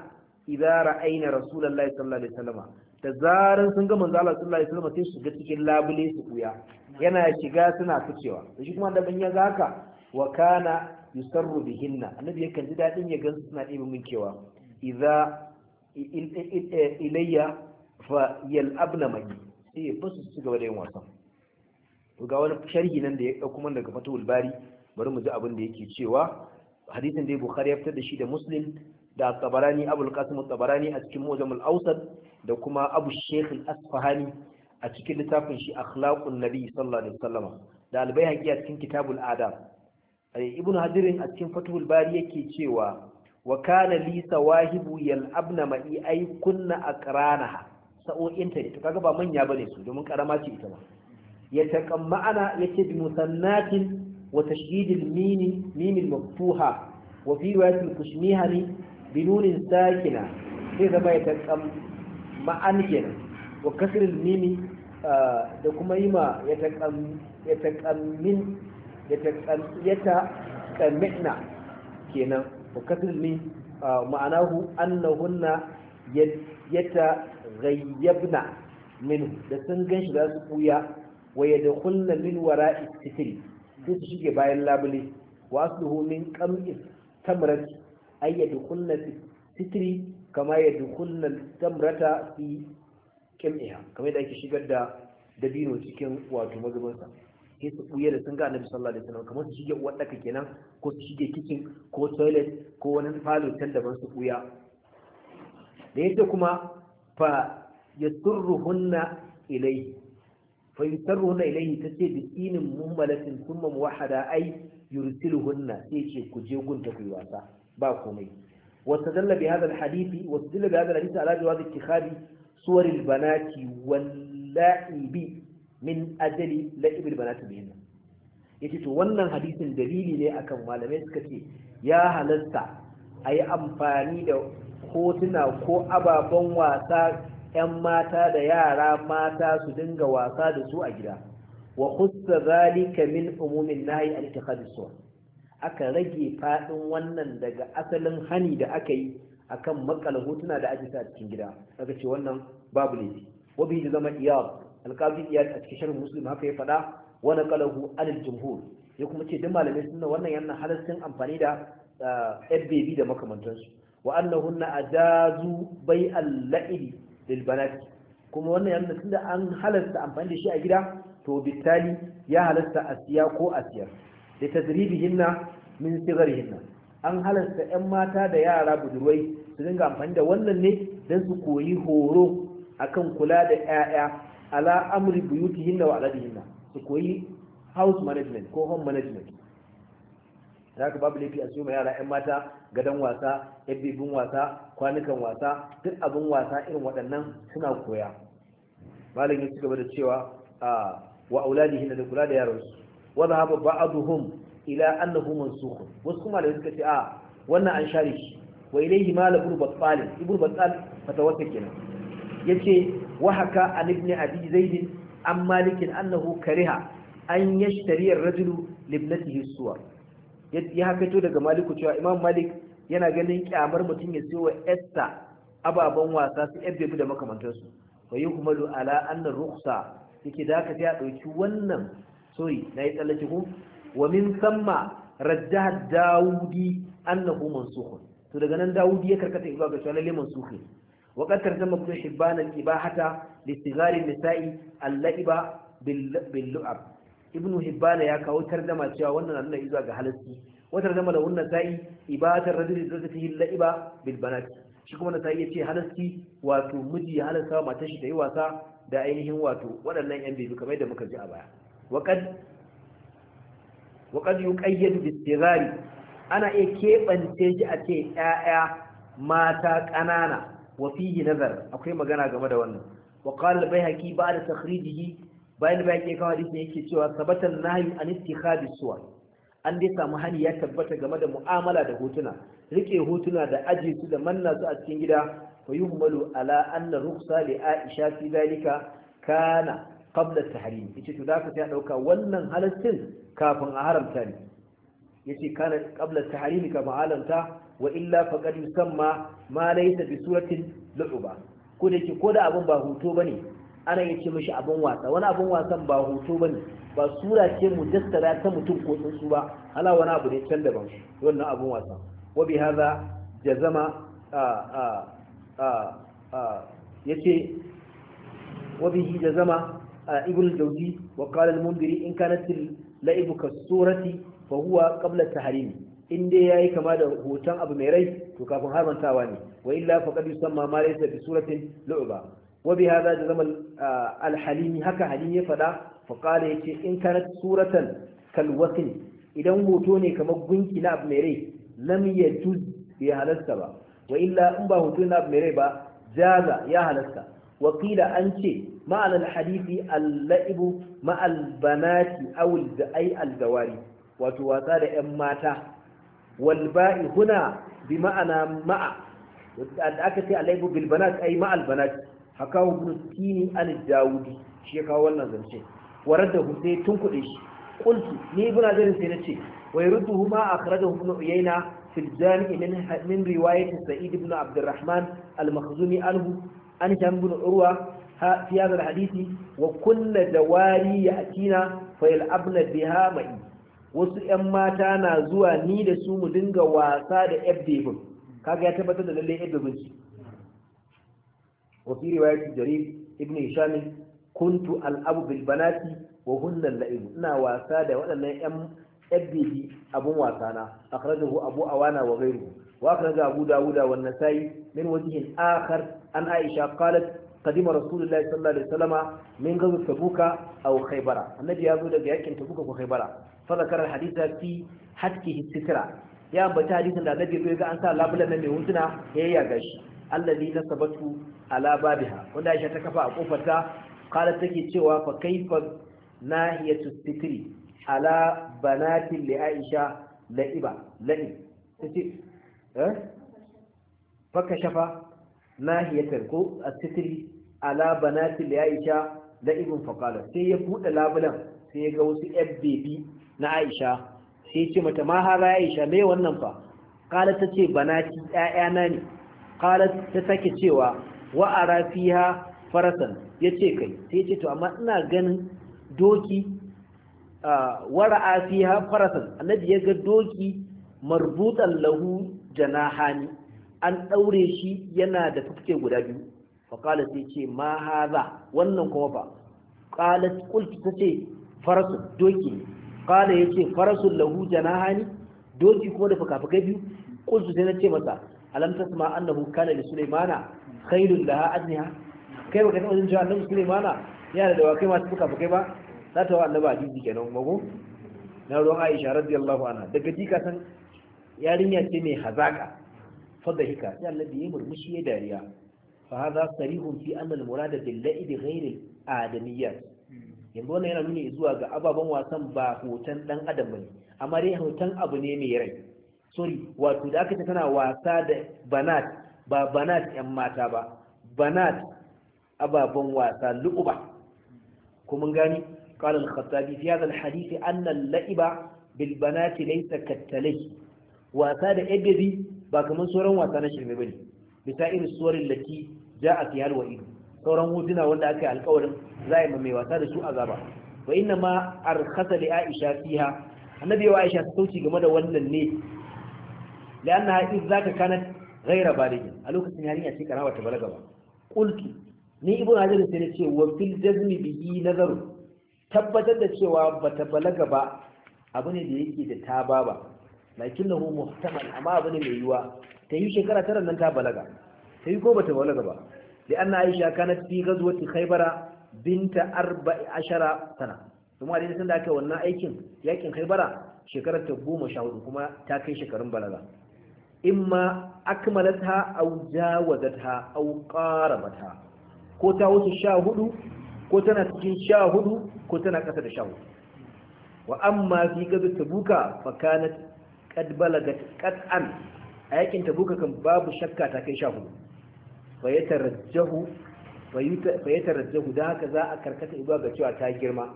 idza ra'ayna rasulullahi sallallahu alaihi wasallam da zaran sun ga manzo Allah sallallahu alaihi wasallam sai su ga cikin labule su kuya yana shiga suna ficewa shi kuma da ban ya ga haka wa kana yusarru bihinna annabi yakan ji dadin ya gansu suna ɗebe min kewa idza e, ilayya fa yal'abna mai sai ba su ci gaba da yin wasan to ga wani sharhi nan da ya dauko man daga fatul bari bari mu ji abin da yake cewa hadisin da bukhari ya fitar da shi da muslim da tabarani abul qasim tabarani a cikin mujamul awsat da kuma abu shaykh al-asfahani a cikin littafin shi akhlaqun nabi sallallahu alaihi wasallam da albayhaqi a cikin kitabul adab Eh, ibn hadirin a cikin fatuhul bari yake cewa wa kana li sawahibu yal'abna ma'i ay kunna aqranaha sa'o'inta ne to kaga ba manya bane su domin karama ce ita ba ya taqamma'ana yace bi musannatin wa tashdid al-mim mim al-maftuha wa fi riwayat al-kushmihani bi nunin sakina sai zama ya taqamma'an kenan wa kasr al-mim eh, da kuma yima ya taqammin yata tsammina kenan wa ma'ana ma'anahu annahunna yata ghayyabna min da sun ganshi za su kuya wa yadkhulna min wara'i sitri sai su shige bayan labule wa asluhu min qam'in tamrat ay yadkhulna sitri kama yadkhulna tamrata fi qam'iha kamar da ake shigar da dabino cikin wato mazubinsa sai su buye da sun ga annabi sallallahu alaihi wasallam kamar su shige uwar daka kenan ko su shige kitchen ko toilet ko wani falo can daban su buya da yadda kuma fa yasurruhunna ilayhi fa yasurruhunna ilayhi tace bi inin mummalatin thumma muwahhada ai yursiluhunna sai ce ku je gunta ku yi wasa ba komai واستدل بهذا الحديث واستدل بهذا الحديث على جواز اتخاذ صور البنات واللائب min ajali la ibil banatu bihinna yace to wannan hadisin dalili ne akan malamai suka ce ya halatta a yi amfani da hotuna ko ababen wasa 'yan mata da yara mata su dinga wasa da su a gida wa khussa zalika min umumin nahi al-ittikhadisu aka rage fadin wannan daga asalin hani da aka yi akan makal hotuna da ake sa cikin gida aka ce wannan babu laifi wa bi zama iyab alqabi ya a cikin sharh muslim haka ya faɗa wa kalahu anil jumhur ya kuma ce duk malamai suna wannan yana halastin amfani da fbb eh, da makamantansu wa annahunna ajazu bai'al la'ib lil banat kuma wannan yana tunda an halasta amfani da shi a gida to bittali ya halasta asiya ko a siyar? da tadribihinna min sigarihinna an halasta 'yan mata da yara budurwai su dinga amfani da wannan ne don su koyi horo akan kula da 'ya'ya ala amri buyutihinna wa aladihinna su koyi house management ko home management da ka babu laifi a su yara 'yan mata gadon wasa bibin wasa kwanukan wasa duk abin wasa irin waɗannan suna koya malam ya ci gaba da cewa a wa auladihinna da kula da su. yaransu ba zahaba ba'aduhum ila annahu mansukh wasu kuma da suka ce a wannan an share shi wa ilayhi malakul battal ibnu battal fatawarsa kenan yace وحكى عن ابن أبي زيد عن annahu أنه كره أن يشتري الرجل لابنته الصور ya hakaito daga maliku cewa imam malik yana ganin kyamar mutum ya siyo wa esta ababan wasa su yan bebi da makamantarsu wa yi kuma ala annan ruksa yake da aka wannan soyi na yi tsallake ku wa min samma rajja dawudi annahu mansukun to daga nan dawudi ya karkata zuwa ga cewa lalle mansukun وقد ترجم ابن حبان الإباحة لصغار النساء اللعب باللعب ابن حبان يا كاو ترجمة cewa wannan annan izuwa ga halalci wa tarjama da wannan sai ibatar rajuli da zata yi la'iba bil banat shi kuma sai wato miji ya halalta matar shi da yi wasa da ainihin wato waɗannan yan bibi kamar da muka ji a baya waqad waqad yuqayyad bis ana iya keɓance shi a ce 'ya'ya mata ƙanana wafihi nazar akwai magana game da wannan wa qala al-baihaqi ba'da takhrijihi bayan ke kawo hadisin yake cewa sabatan nahyi an ittikhadi suwar an dai samu hani ya tabbata game da mu'amala da hotuna rike hotuna da aje su da manna su a cikin gida fa yuhmalu ala anna rukhsa li aisha fi dalika kana qabla tahrim yace to ka sai dauka wannan halaccin kafin a haramta ne yace kana qabla tahrim kafin haramta wa illa faqad yusamma ma laysa bi suratin ba ko da ke ko da abun ba hoto bane ana iya ce mishi abun wasa wani abun wasan ba hoto bane ba sura ce mujassara ta mutum ko tsuntsu ba ala wani abu ne can daban wannan abun wasa wa bi hadha jazama a a a a yace wa bihi jazama ibn jawzi wa qala al in kanat la'ibu kasurati fa huwa qabla in dai ya yi kama da hoton abu mai rai to kafin haramtawa ne wa illa faqad yusamma ma laysa bi suratin lu'ba wa bi hadha jazama al-halim haka halim ya fada fa qala yace in kanat suratan kal wasin idan hoto ne kamar gunki na abu mai rai lam yajuz bi halasta ba wa illa in ba hoto na abu mai rai ba jaza ya halasta wa qila an ce ma'anar hadisi al-la'ibu ma'al banati aw al-dawari wato wasa da 'yan mata والبائي هنا بمعنى مع aka ce alaibu bilbanat ai ma albanat haka hukunu tini an daudi shi ya kawo wannan zance warar da hudu ya tunkuɗe shi kultu ni ibina zarin sai na ce wai rudu huma a kare da hukunu uyaina filzani imin min riwayatin sa'id ibn abdurrahman al-makhzumi anhu an shan bin urwa ha hadisi wa kulla dawari ya atina fa yal'abna biha ma'i wasu 'yan mata na zuwa ni da su mu dinga wasa da ebdebin kaga ya tabbatar da lalle ebdebin shi wafi riwayar jarir ibn hisham kuntu al'abu bil banati wa hunna la'ib ina wasa da waɗannan 'yan ebdebi abun wasa na akhrajahu abu awana wa ghayruhu wa akhraja abu dawuda wa nasai min wajhin akhar an aisha qalat قدم رسول الله صلى الله عليه وسلم من غزوة تبوك أو خيبرة النبي يقول لك يأكل تبوك وخيبرة fa zakara alhadisa fi hatkihi sitra ya ambata hadisin da annabi ga an sa labulan nan mai hutuna ya yaga shi allazi nasabatu ala babiha wanda Aisha ta kafa a kofar ta kala take cewa fa kaifa nahiyatu sitri ala banatin li Aisha la'iba la'ib tace eh fa kashafa nahiyatar ko asitri ala banatin li Aisha la'ibun fa sai ya bude labulan sai ya ga wasu FBB na Aisha sai ce mata ma har Aisha me wannan fa kala ta ce banati ƴaƴana ne kala ta sake cewa wa ara fiha farasan yace kai sai ce to amma ina ganin doki wara'a fiha farasan annabi ya ga doki marbutan lahu janahani an daure shi yana da fuke guda biyu fa kala sai ce ma haza wannan kuma fa qalat ta ce farasun doki qala yace farasul lahu janahani doki kuma da fuka fukafukai biyu qultu sai na ce masa alam tasma annahu kana li sulaymana khairul laha adniha kai baka taɓa jin cewa annabi sulaymana yana da wakai masu fuka fukafukai ba za ta wa annabi hadisi kenan mago na ruwan aisha radiyallahu anha daga jika san yarinya ce mai hazaka fadda hika sai annabi ya murmushi ya dariya fa hadha sarihun fi anna al-murada bil la'ib ghayr al-adamiyyat yanzu wannan yana nuni zuwa ga ababen wasan ba hoton dan adam bane amma dai hoton abu ne mai rai sorry wato da aka ce tana wasa da bana ba banat yan mata ba banat ababen wasa lu'uba kuma gani qala al-khattabi fi hadha al-hadith anna laiba bil banati laysa wasa da ebedi ba kaman sauran wasa na shirme bane bisa irin suwarin lati ja'a fi wa wa'idu sauran hutuna wanda aka yi alkawarin za a mai wasa da su azaba wa inna ma arkhasa li aisha fiha annabi wa aisha ta sauci game da wannan ne lianna ha'iz zaka kanat ghaira baligin a lokacin yarinya ce karawa ta balaga ba qulti ni ibnu hajar sai ne ce wa fil jazmi bihi nazaru tabbatar da cewa bata balaga ba abu ne da yake da taba ba lakinnahu muhtamal amma abu ne mai yiwa ta yi shekara tara nan ta balaga ta yi ko bata balaga ba لأن عائشة كانت في غزوة خيبر بنت أربع عشر سنة ثم علينا سنة أكا وانا أيكين يأكين خيبر شكرة تبوم شهود كما تاكي شكر بلغا إما أكملتها أو جاوزتها أو قاربتها ko ta wuce sha hudu ko tana cikin sha hudu ko tana ƙasa da sha hudu wa amma fi gaza tabuka fa kanat qad balagat qat'an a yakin tabuka kan babu shakka ta kai sha hudu fa ya tarajjahu fa ya tarajjahu da haka za a karkata zuwa ga cewa ta girma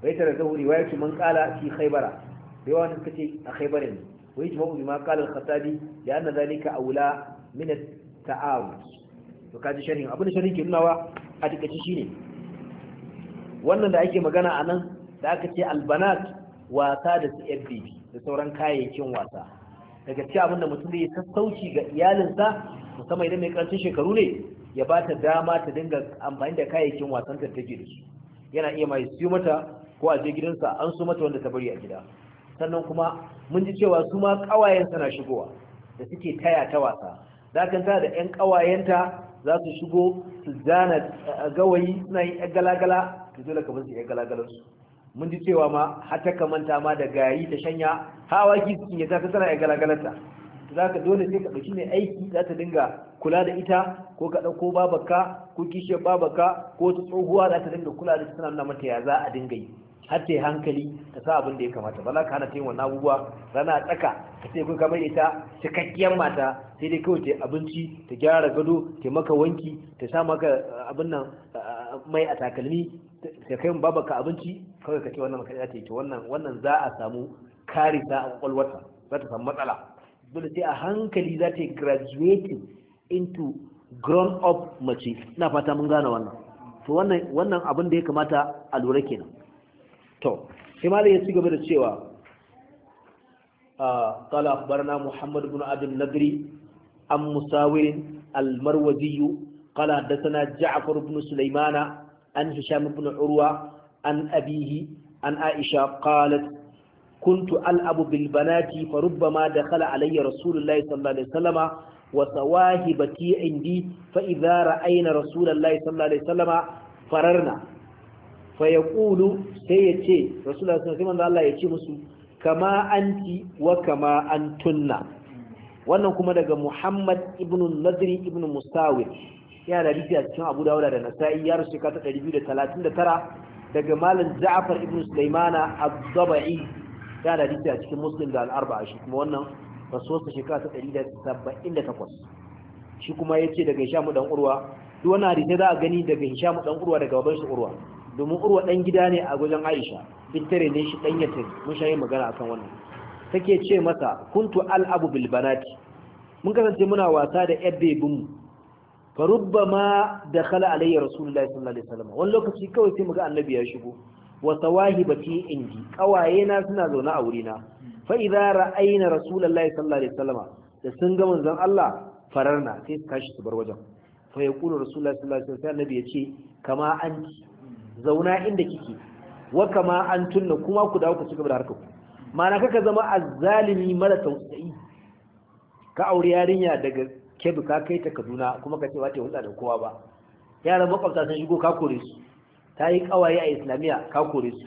fa ya tarajjahu riwayatu man qala fi khaybara riwaya wanda ce a khaybara ne wa yajma'u bima qala al-khatabi li anna dhalika awla min at-ta'awud to kaji sharhin abin da sharhin ke nunawa a shi ne. wannan da ake magana a nan, da aka ce albanat wasa da su da sauran kayayyakin wasa daga ci abinda mutum zai sassauci ga iyalinsa musamman idan mai karancin shekaru ne ya ba ta dama ta dinga amfani da kayayyakin wasan ta take da su yana iya mai siyo mata ko a je gidansa an so mata wanda ta bari a gida sannan kuma mun ji cewa su ma kawayen sana shigowa da suke taya ta wasa zakan ta da yan kawayenta za su shigo su zana eh, gawayi suna yin yan galagala su dole kamar su yan galagalan su mun ji cewa ma har ta kamanta ma da gayi ta shanya ki, su ya ta tana yan galagalanta za ka dole sai ka ɗauki ne aiki za ta dinga kula da ita ko ka ɗauko babaka ko kishiyar babaka ko ta tsohuwa za ta dinga kula da ita suna nuna mata ya za a dinga yi har ta hankali ka sa abin da ya kamata ba za ka hana ta abubuwa rana tsaka ka ce kun kamar ita cikakkiyar mata sai dai kawai ta abinci ta gyara gado ta maka wanki ta sa maka eh, abin nan eh, mai a takalmi ta kai babaka abinci kawai ka ce wannan maka za yi wannan za a samu karisa a kwakwalwarta za ta samu matsala dole sai a hankali za ta yi graduate into grown up mace a fata mun gano wannan wannan wannan da ya kamata a lura kenan to sai malai ya ci gaba da cewa ah qala muhammad ibn abd al-nadri am musawir al-marwazi qala dathana ja'far ibn sulaymana an hisham ibn urwa an abihi an aisha qalat kuntu al'abu bil banati fa rubbama dakhala alayya rasulullahi sallallahu alaihi wasallama wa sawahibati indi fa idza ra'ayna rasulullahi fararna fa yaqulu sai yace rasulullahi sallallahu alaihi wasallam Allah yace musu kama anti wa kama wannan kuma daga Muhammad ibn Nadri ibn Mustawir ya da rifi a cikin Abu Dawud da Nasa'i ya rusu ka 239 daga Malam Ja'far ibn Sulaimana Az-Zabai ya da hadisi a cikin muslim da al'arba shi kuma wannan rasuwarsa shekara ta ɗari da saba'in da takwas shi kuma ya ce daga hishamu ɗan urwa duk wani za a gani daga hishamu ɗan urwa daga babban shi urwa domin urwa ɗan gida ne a wajen aisha duk ne shi ɗan yatin mun sha yin magana kan wannan Ta ke ce masa kuntu al'abu bilbanati mun kasance muna wasa da yar bebinmu ma da kala alayyar rasulullah sallallahu alaihi wasallam wani lokaci kawai sai muga annabi ya shigo wa sawahibati indi kawaye na suna zaune a wurina fa idza ra'ayna rasulullahi sallallahu alaihi wasallama da sun ga manzon Allah fararna sai su kashi su bar wajen fa yaqulu rasulullahi sallallahu alaihi wasallam ya ce kama an zauna inda kike wa kama an tunna kuma ku dawo ku cigaba da harkar ku mana kaka zama azzalimi mara tausayi ka aure yarinya daga kebuka kai ta Kaduna kuma ka ce ba ta hulɗa da kowa ba yaran makwabta sun shigo ka kore su ta yi kawaye a islamiyya ka kore su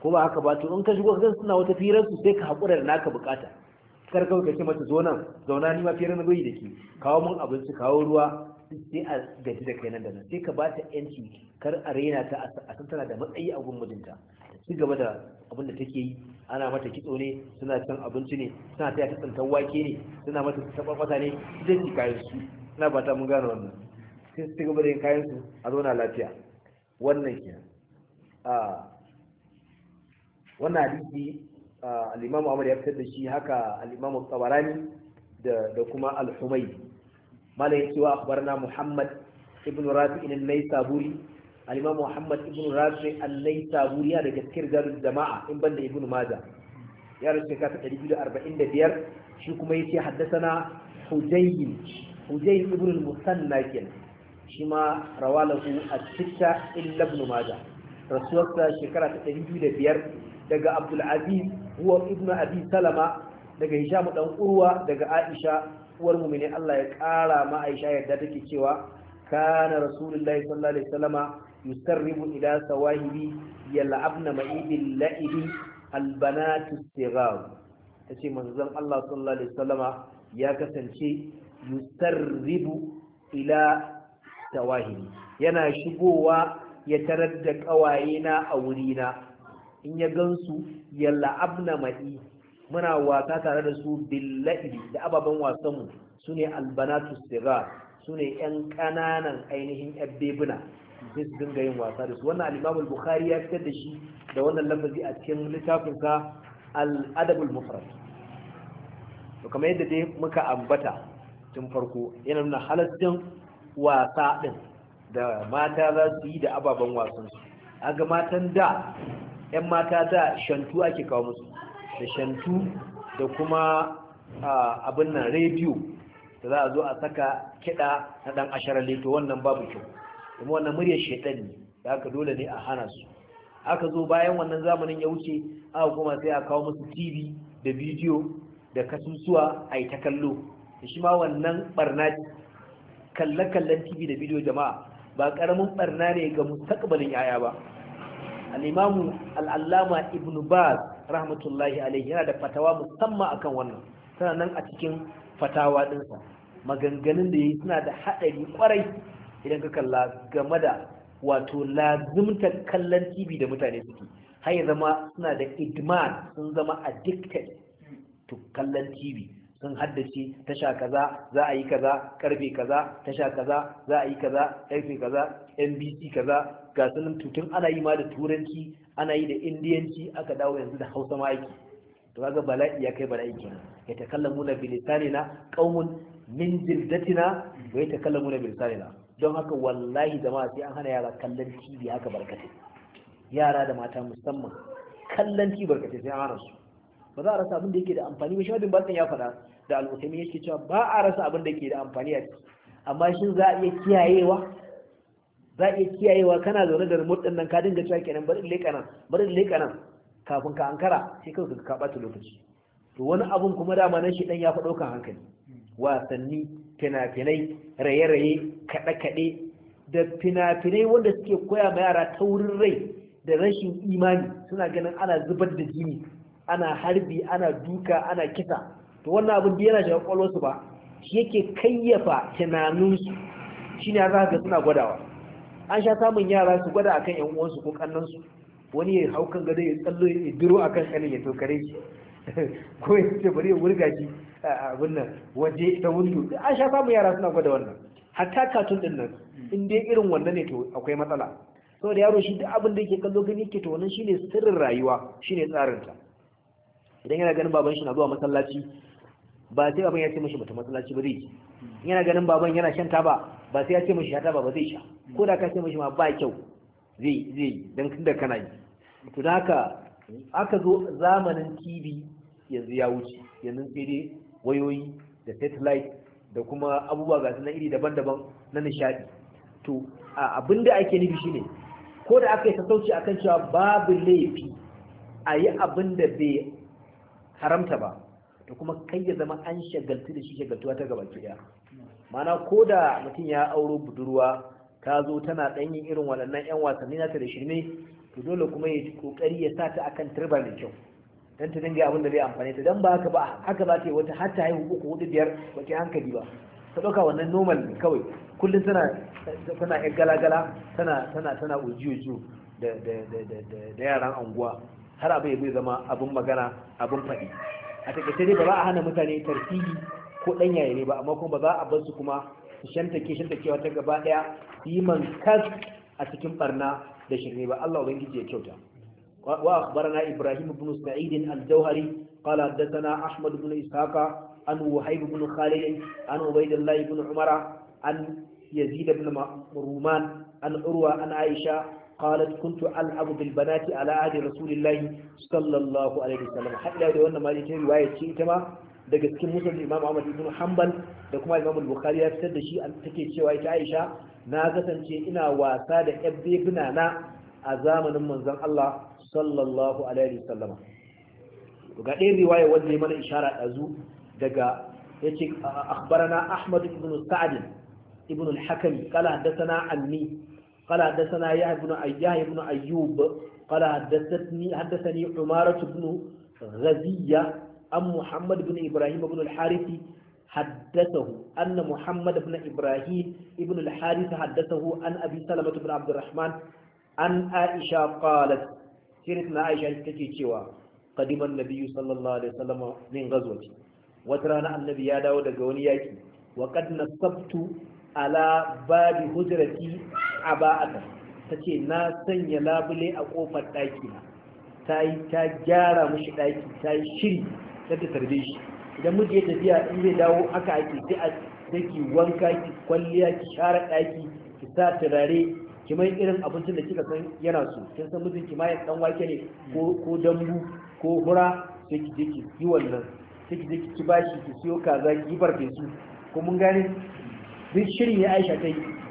ko ba haka ba to in ka shigo ka suna wata firar su sai ka haƙura da naka bukata kar ka kace mata zo nan zauna ni ma firar na goyi da ke kawo mun abinci kawo ruwa sai a gaji da kai nan da nan sai ka ba ta yanci kar a raina ta a san tana da matsayi a gun mijinta Su gaba da abin da take yi ana mata kitso ne suna cin abinci ne suna taya ta tsantar wake ne suna mata tabbata ne sai ki kayan su ina ba ta mun gane wannan sai su gaba da yin kayan su a zauna lafiya wannan ke a wannan hadisi al-imamu Ahmad ya fitar da shi haka al-imamu Tabarani da da kuma al-Humaydi malam yace wa akbarna Muhammad ibn Rafi' an-Naisaburi al-imamu Muhammad ibn Rafi' an-Naisaburi ya daga cikin garul jama'a in banda ibn Majah ya rasu ka ta 245 shi kuma yace haddathana Hujayl Hujayl ibn al-Musanna shi ma rawalahu a sitta illa ibn maja. rasuwarsa shekara ta biyar daga abdul aziz huwa ibn abi salama daga hisham dan urwa daga aisha uwar mu'mini Allah ya ƙara ma aisha yadda take cewa kana rasulullahi sallallahu alaihi wasallama yusarribu ila sawahibi yal'abna ma'ibil la'ibi albanatu sigar tace manzon Allah sallallahu alaihi wasallama ya kasance yusarribu ila dawahiri yana shigowa ya tarar da ƙawaye na a wurina in ya gansu ya la'abna ma'i muna wasa tare da su billahi da ababen wasanmu su ne albanatu sigar su ne 'yan ƙananan ainihin yabbebuna sai su dinga yin wasa da su wannan al'imamul bukhari ya fitar da shi da wannan lafazi a cikin littafinsa al'adabul mufrad to kamar yadda dai muka ambata tun farko yana nuna halaccin wasa ɗin da mata za su yi da ababen wasansu ga matan da 'yan mata da shantu ake kawo musu da shantu da kuma abin nan rediyo da za a zo a saka kiɗa na ɗan ashirar leto wannan babu kyau kuma wannan muryar shaidan ne da aka dole ne a hana su aka zo bayan wannan zamanin ya wuce aka kuma sai a kawo musu tv da bidiyo da kasusuwa a yi ta kallo da shi ma wannan barna kalle-kallen tv da bidiyo jama'a ba karamin barna ne ga mustaqbalin yaya ba al-imamu al-allama ibnu baz rahmatullahi alaihi yana da fatawa musamman akan wannan tana nan a cikin fatawa dinsa maganganun da yayi suna da hadari kwarai idan ka kalla game da wato lazimtar kallon tv da mutane suke har ya zama suna da idman sun zama addicted to kallon tv sun haddace tasha kaza za a yi kaza karfe kaza tasha kaza za a yi kaza karfe kaza NBC kaza ga sunan tutun ana yi ma da turanci ana yi da indiyanci aka dawo yanzu da Hausa ma yake to kaga bala'i ya kai bala'i kenan ya takallamuna bilisanina qaumun min jildatina wa ya takallamuna na. don haka wallahi jama'a sai an hana yara kallon TV haka barkatai yara da mata musamman kallon TV barkatai sai an hana su ba za a rasa abin da yake da amfani ba shi ma bakin ya faɗa da al'utami yake cewa ba a rasa abin da ke da amfani a ciki amma shin za a iya kiyayewa za a iya kiyayewa kana zaune da remote nan ka dinga cewa kenan bari leka nan bari leka nan kafin ka ankara sai kawai ka bata lokaci to wani abun kuma dama nan shi dan ya faɗo kan hankali wasanni fina-finai raye-raye kaɗe-kaɗe da fina-finai wanda suke koya ma yara taurin rai da rashin imani suna ganin ana zubar da jini ana harbi ana duka ana kisa to wannan abin da yana shiga su ba shi yake kayyafa tunaninsu shi ne za ga suna gwadawa an sha samun yara su gwada akan yan uwansu ko kannansu wani ya hau kan gado ya tsallo ya duro akan kanin ya tokare shi ko ya ce bari ya wurga shi abin nan waje ta wundu an sha samun yara suna gwada wannan hatta katun din nan in dai irin wannan ne to akwai matsala saboda yaro shi duk abin da yake kallo gani yake to wannan shine sirrin rayuwa shine tsarin ta idan yana ganin baban shi na zuwa masallaci ba sai baban ya ce mishi bata matsalaci ba zai yana ganin baban yana shan taba ba sai ya ce mishi ya taba ba zai sha ko da ka ce mishi ma ba kyau zai zai dan tunda kana yi to da haka aka zo zamanin TV yanzu ya wuce yanzu sai dai wayoyi da satellite da kuma abubuwa ga sunan iri daban-daban na nishadi to abinda ake nufi shine ko da aka yi sassauci akan cewa babu laifi a yi abin da bai haramta ba da kuma kai ya zama an shagaltu da shi shagaltuwa ta gaba ki mana ko da mutum ya auro budurwa ta zo tana yin irin waɗannan 'yan wasanni nata da shirme to dole kuma ya kokari ya sa ta akan turba da kyau dan ta dinga abin da zai amfane ta dan ba haka ba haka ba ta wata har ta haihu uku hudu biyar wace hankali ba ta ɗauka wannan normal ne kawai kullum tana tana yar galagala tana tana tana ujiyoji da da da da yaran anguwa har abin ya zama abin magana abin faɗi a takaice dai ba za a hana mutane tartibi ko dan ne ba amma kuma ba za a bar su kuma su shantake shantakewa ta gaba ɗaya su yi mankas a cikin barna da shirme ba Allah ubangiji ya kyauta wa akhbarana Ibrahim ibn Sa'id al-Jawhari قال حدثنا أحمد بن إسحاق عن وهيب بن خالد an عبيد الله بن an عن يزيد بن رومان عن عروة عن قالت كنت ألعب بالبنات على عهد رسول الله صلى الله عليه وسلم حتى لو دعونا ما يتم رواية شيء كما daga cikin musulun imam ahmad ibn hanbal da kuma imam bukhari ya fitar da shi an take cewa ita aisha na kasance ina wasa da yabbe binana a zamanin manzon Allah sallallahu alaihi wasallam ga ɗaya riwaya wanda ya mana ishara ɗazu daga yace akhbarana ahmad ibn sa'd ibn al-hakim qala haddathana قال حدثنا يحيى بن أياه بن أيوب قال حدثتني حدثني عمارة بن غزية أم محمد بن إبراهيم بن الحارث حدثه أن محمد بن إبراهيم بن الحارث حدثه عن أبي سلمة بن عبد الرحمن عن عائشة قالت سيرتنا عائشة تكي cewa قدم النبي صلى الله عليه وسلم من غزوة وترانا النبي يا داود غوني ياكي وقد نصبت على باب هجرتي a ta ce na sanya labule a kofar ɗaki na ta yi ta gyara mushi ɗaki ta yi shiri ta ta tarbe shi idan muke ya tafiya in zai dawo haka ake sai a daki wanka ki kwalliya ki share ɗaki ki sa turare ki mai irin abincin da kika san yana so kin san mutum ki ma ya dan wake ne ko ko dambu ko hura sai ki je yi wannan sai ki je ki bashi ki siyo kaza ki yi farfesu ko mun gane duk shirin ya Aisha ta yi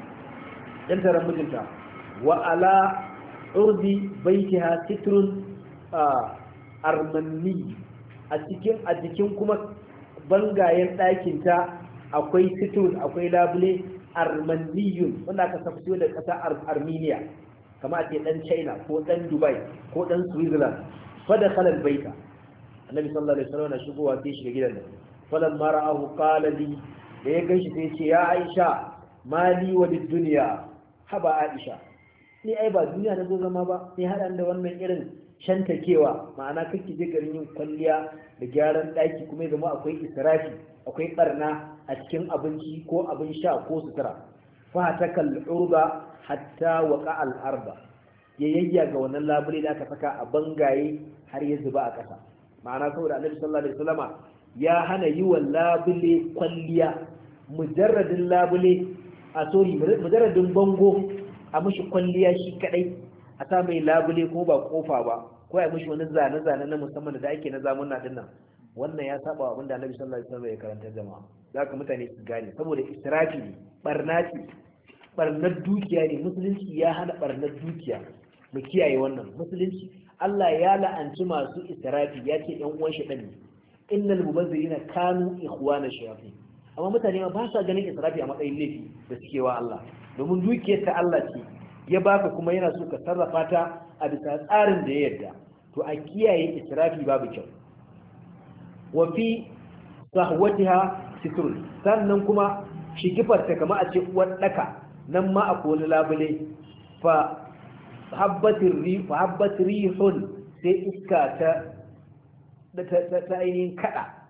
yan tara mijinta wa ala urdi baitiha titrun armanni a cikin a jikin kuma bangayen ɗakinta akwai titrun akwai labule armanniyun wanda aka safi da ƙasa armenia kama ce ɗan china ko ɗan dubai ko ɗan switzerland fada kalar baita annabi sallallahu alaihi wasallam na shigowa sai shiga gidan nan falan mara'ahu qala li da ya ganshi sai ce ya aisha mali wa duniya haba aisha ni ai ba duniya na zo zama ba ni haɗa da wannan irin shantakewa ma'ana kake je garin yin kwalliya da gyaran ɗaki kuma ya zama akwai israfi akwai barna a cikin abinci ko abin sha ko sutura Fa fataka al'urba hatta waqa al'arba ya yayya ga wannan labule da aka saka a bangaye har ya zuba a ƙasa ma'ana saboda annabi sallallahu alaihi wasallama ya hana yi wa labule kwalliya mujarradin labule a tori mujarradin bango a mashi kwalliya shi kadai a sa mai labule ko ba kofa ba ko a mashi wani zane-zane na musamman da ake na zamuna din nan wannan ya saba wa abinda annabi sallallahu alaihi wasallam ya karanta jama'a ka mutane su gane saboda israfi ne barna barnar dukiya ne musulunci ya hana barnar dukiya mu kiyaye wannan musulunci Allah ya la'anci masu israfi ya ce ɗan uwan shaɗan ne innal mubazzirina kanu ikhwana shayatin amma mutane ba sa ganin israfi a matsayin laifi da suke wa Allah domin dukiyar ta Allah ce ya baka kuma yana so ka sarrafa ta a bisa tsarin da ya yarda to a kiyaye israfi babu kyau wa fi sahwatiha sitrun sannan kuma shigifar ta kama a ce uwar daka nan ma a labule fa habbatir rihun sai iska ta ta ainihin kada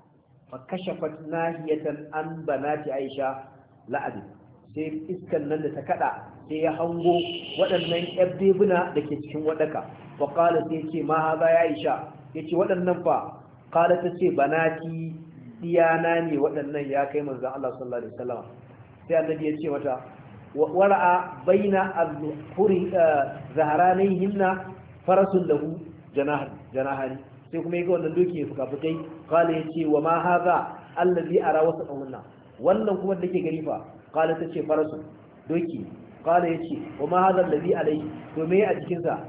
fa kashafat nahiyatan an banati aisha la'abi sai iskan nan da ta kada sai ya hango waɗannan yabbebuna da ke cikin waɗaka. fa qala sai ce ma haza ya aisha yace waɗannan fa qala ta ce banati diyana ne waɗannan ya kai manzon Allah sallallahu alaihi wasallam sai annabi ya ce mata wara'a baina az-zuhuri zaharanihimna farasun lahu janahani sai kuma yake wannan doki ya kala ya ce wa ma haza allazi ara wasa wannan wannan kuma da ke gani fa ta ce farasu doki ya ce wa ma haza allazi alai to me a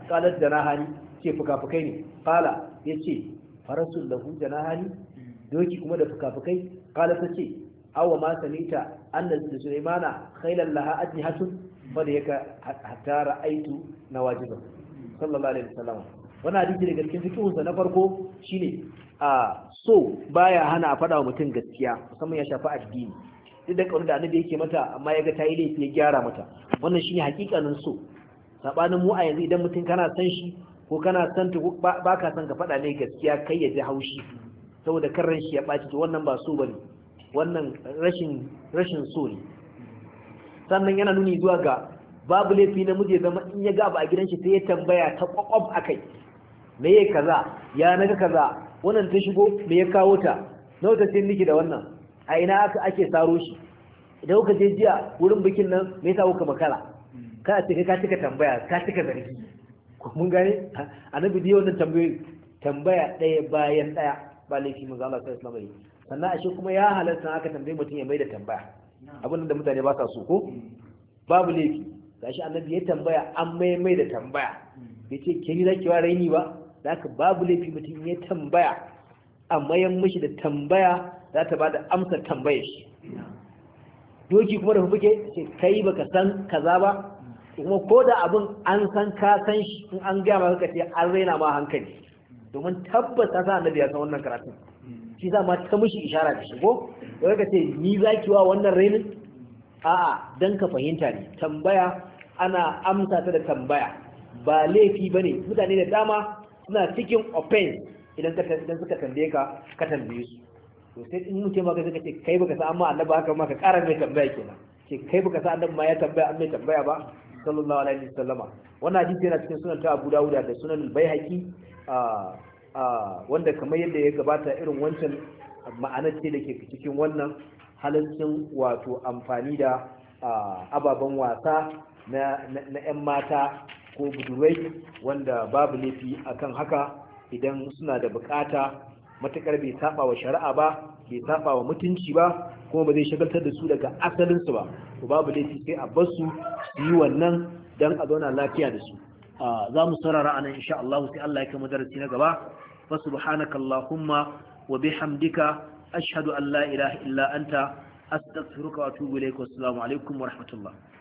kala da na janahani ce fukafukai ne ya ce farasu lahu janahani doki kuma da fukafukai ta ce awa ma sanita da sulaimana khailan laha ajnihatun fa da hatara aitu na wajiban. sallallahu alaihi wasallam wani hadisi daga cikin fikihunsa na farko shine a so baya hana a faɗa wa mutum gaskiya musamman ya shafi addini duk da ƙaunar da annabi yake mata amma ya ga ta yi laifi ya gyara mata wannan shine hakikanin so sabanin mu a yanzu idan mutum kana san shi ko kana san ta ba ka san ka faɗa ne gaskiya kai ya ji haushi saboda kan ran shi ya ɓaci to wannan ba so bane wannan rashin rashin so ne sannan yana nuni zuwa ga babu laifi na muje zama in ya ga abu a gidan shi sai ya tambaya ta kwakwab akai me ya kaza ya naga kaza wannan ta shigo me ya kawo ta nawa wata ce niki da wannan a ina aka ake saro shi idan kuka je jiya wurin bikin nan me yasa kuka makara ka ce ka cika tambaya ka cika zargi mun gane A na bidiyo wannan tambayoyi tambaya ɗaya bayan ɗaya ba laifi mu zalla sai alaihi yi sannan shi kuma ya halatta aka tambaye mutum ya mai da tambaya abin da mutane ba sa so ko babu laifi gashi annabi ya tambaya an mai mai da tambaya yace ce ke ni zaki wa raini ba da aka babu laifi mutum ya tambaya amma yan mashi da tambaya za ta ba da amsar tambayar shi doki kuma da fufuke ce kai baka san kaza ba kuma ko da abin an san ka san shi in an gaya ma ce an raina ma hankali domin tabbas ta sa annabi ya san wannan karatun shi za ma ta mishi ishara da shi ko da ka ce ni za ki wa wannan rainin a'a dan ka fahimta ne tambaya ana amsa ta da tambaya ba laifi bane mutane da dama suna cikin offense idan ka idan suka tambaye ka ka tambaye su to sai in mutum ma ka suka ce kai baka san amma annabi haka ma ka ƙara mai tambaya kenan ce kai baka san annabi ma ya tambaya an mai tambaya ba sallallahu alaihi wasallama wannan hadisi yana cikin sunan ta Abu Dawud da sunan al-Baihaqi wanda kamar yadda ya gabata irin wancan ma'anar ce da ke cikin wannan halittun wato amfani da ababen wasa na 'yan mata ko budurai wanda babu laifi akan haka idan suna da bukata matakar bai saba wa shari'a ba bai saba wa mutunci ba kuma ba zai shagaltar da su daga asalinsu ba to babu laifi sai a bar su su yi wannan dan a zauna lafiya da su za mu saurara anan insha Allah sai Allah ya kama darasi na gaba fa subhanaka allahumma wa bihamdika ashhadu an la ilaha illa anta astaghfiruka wa atubu ilaik wa assalamu alaikum wa rahmatullah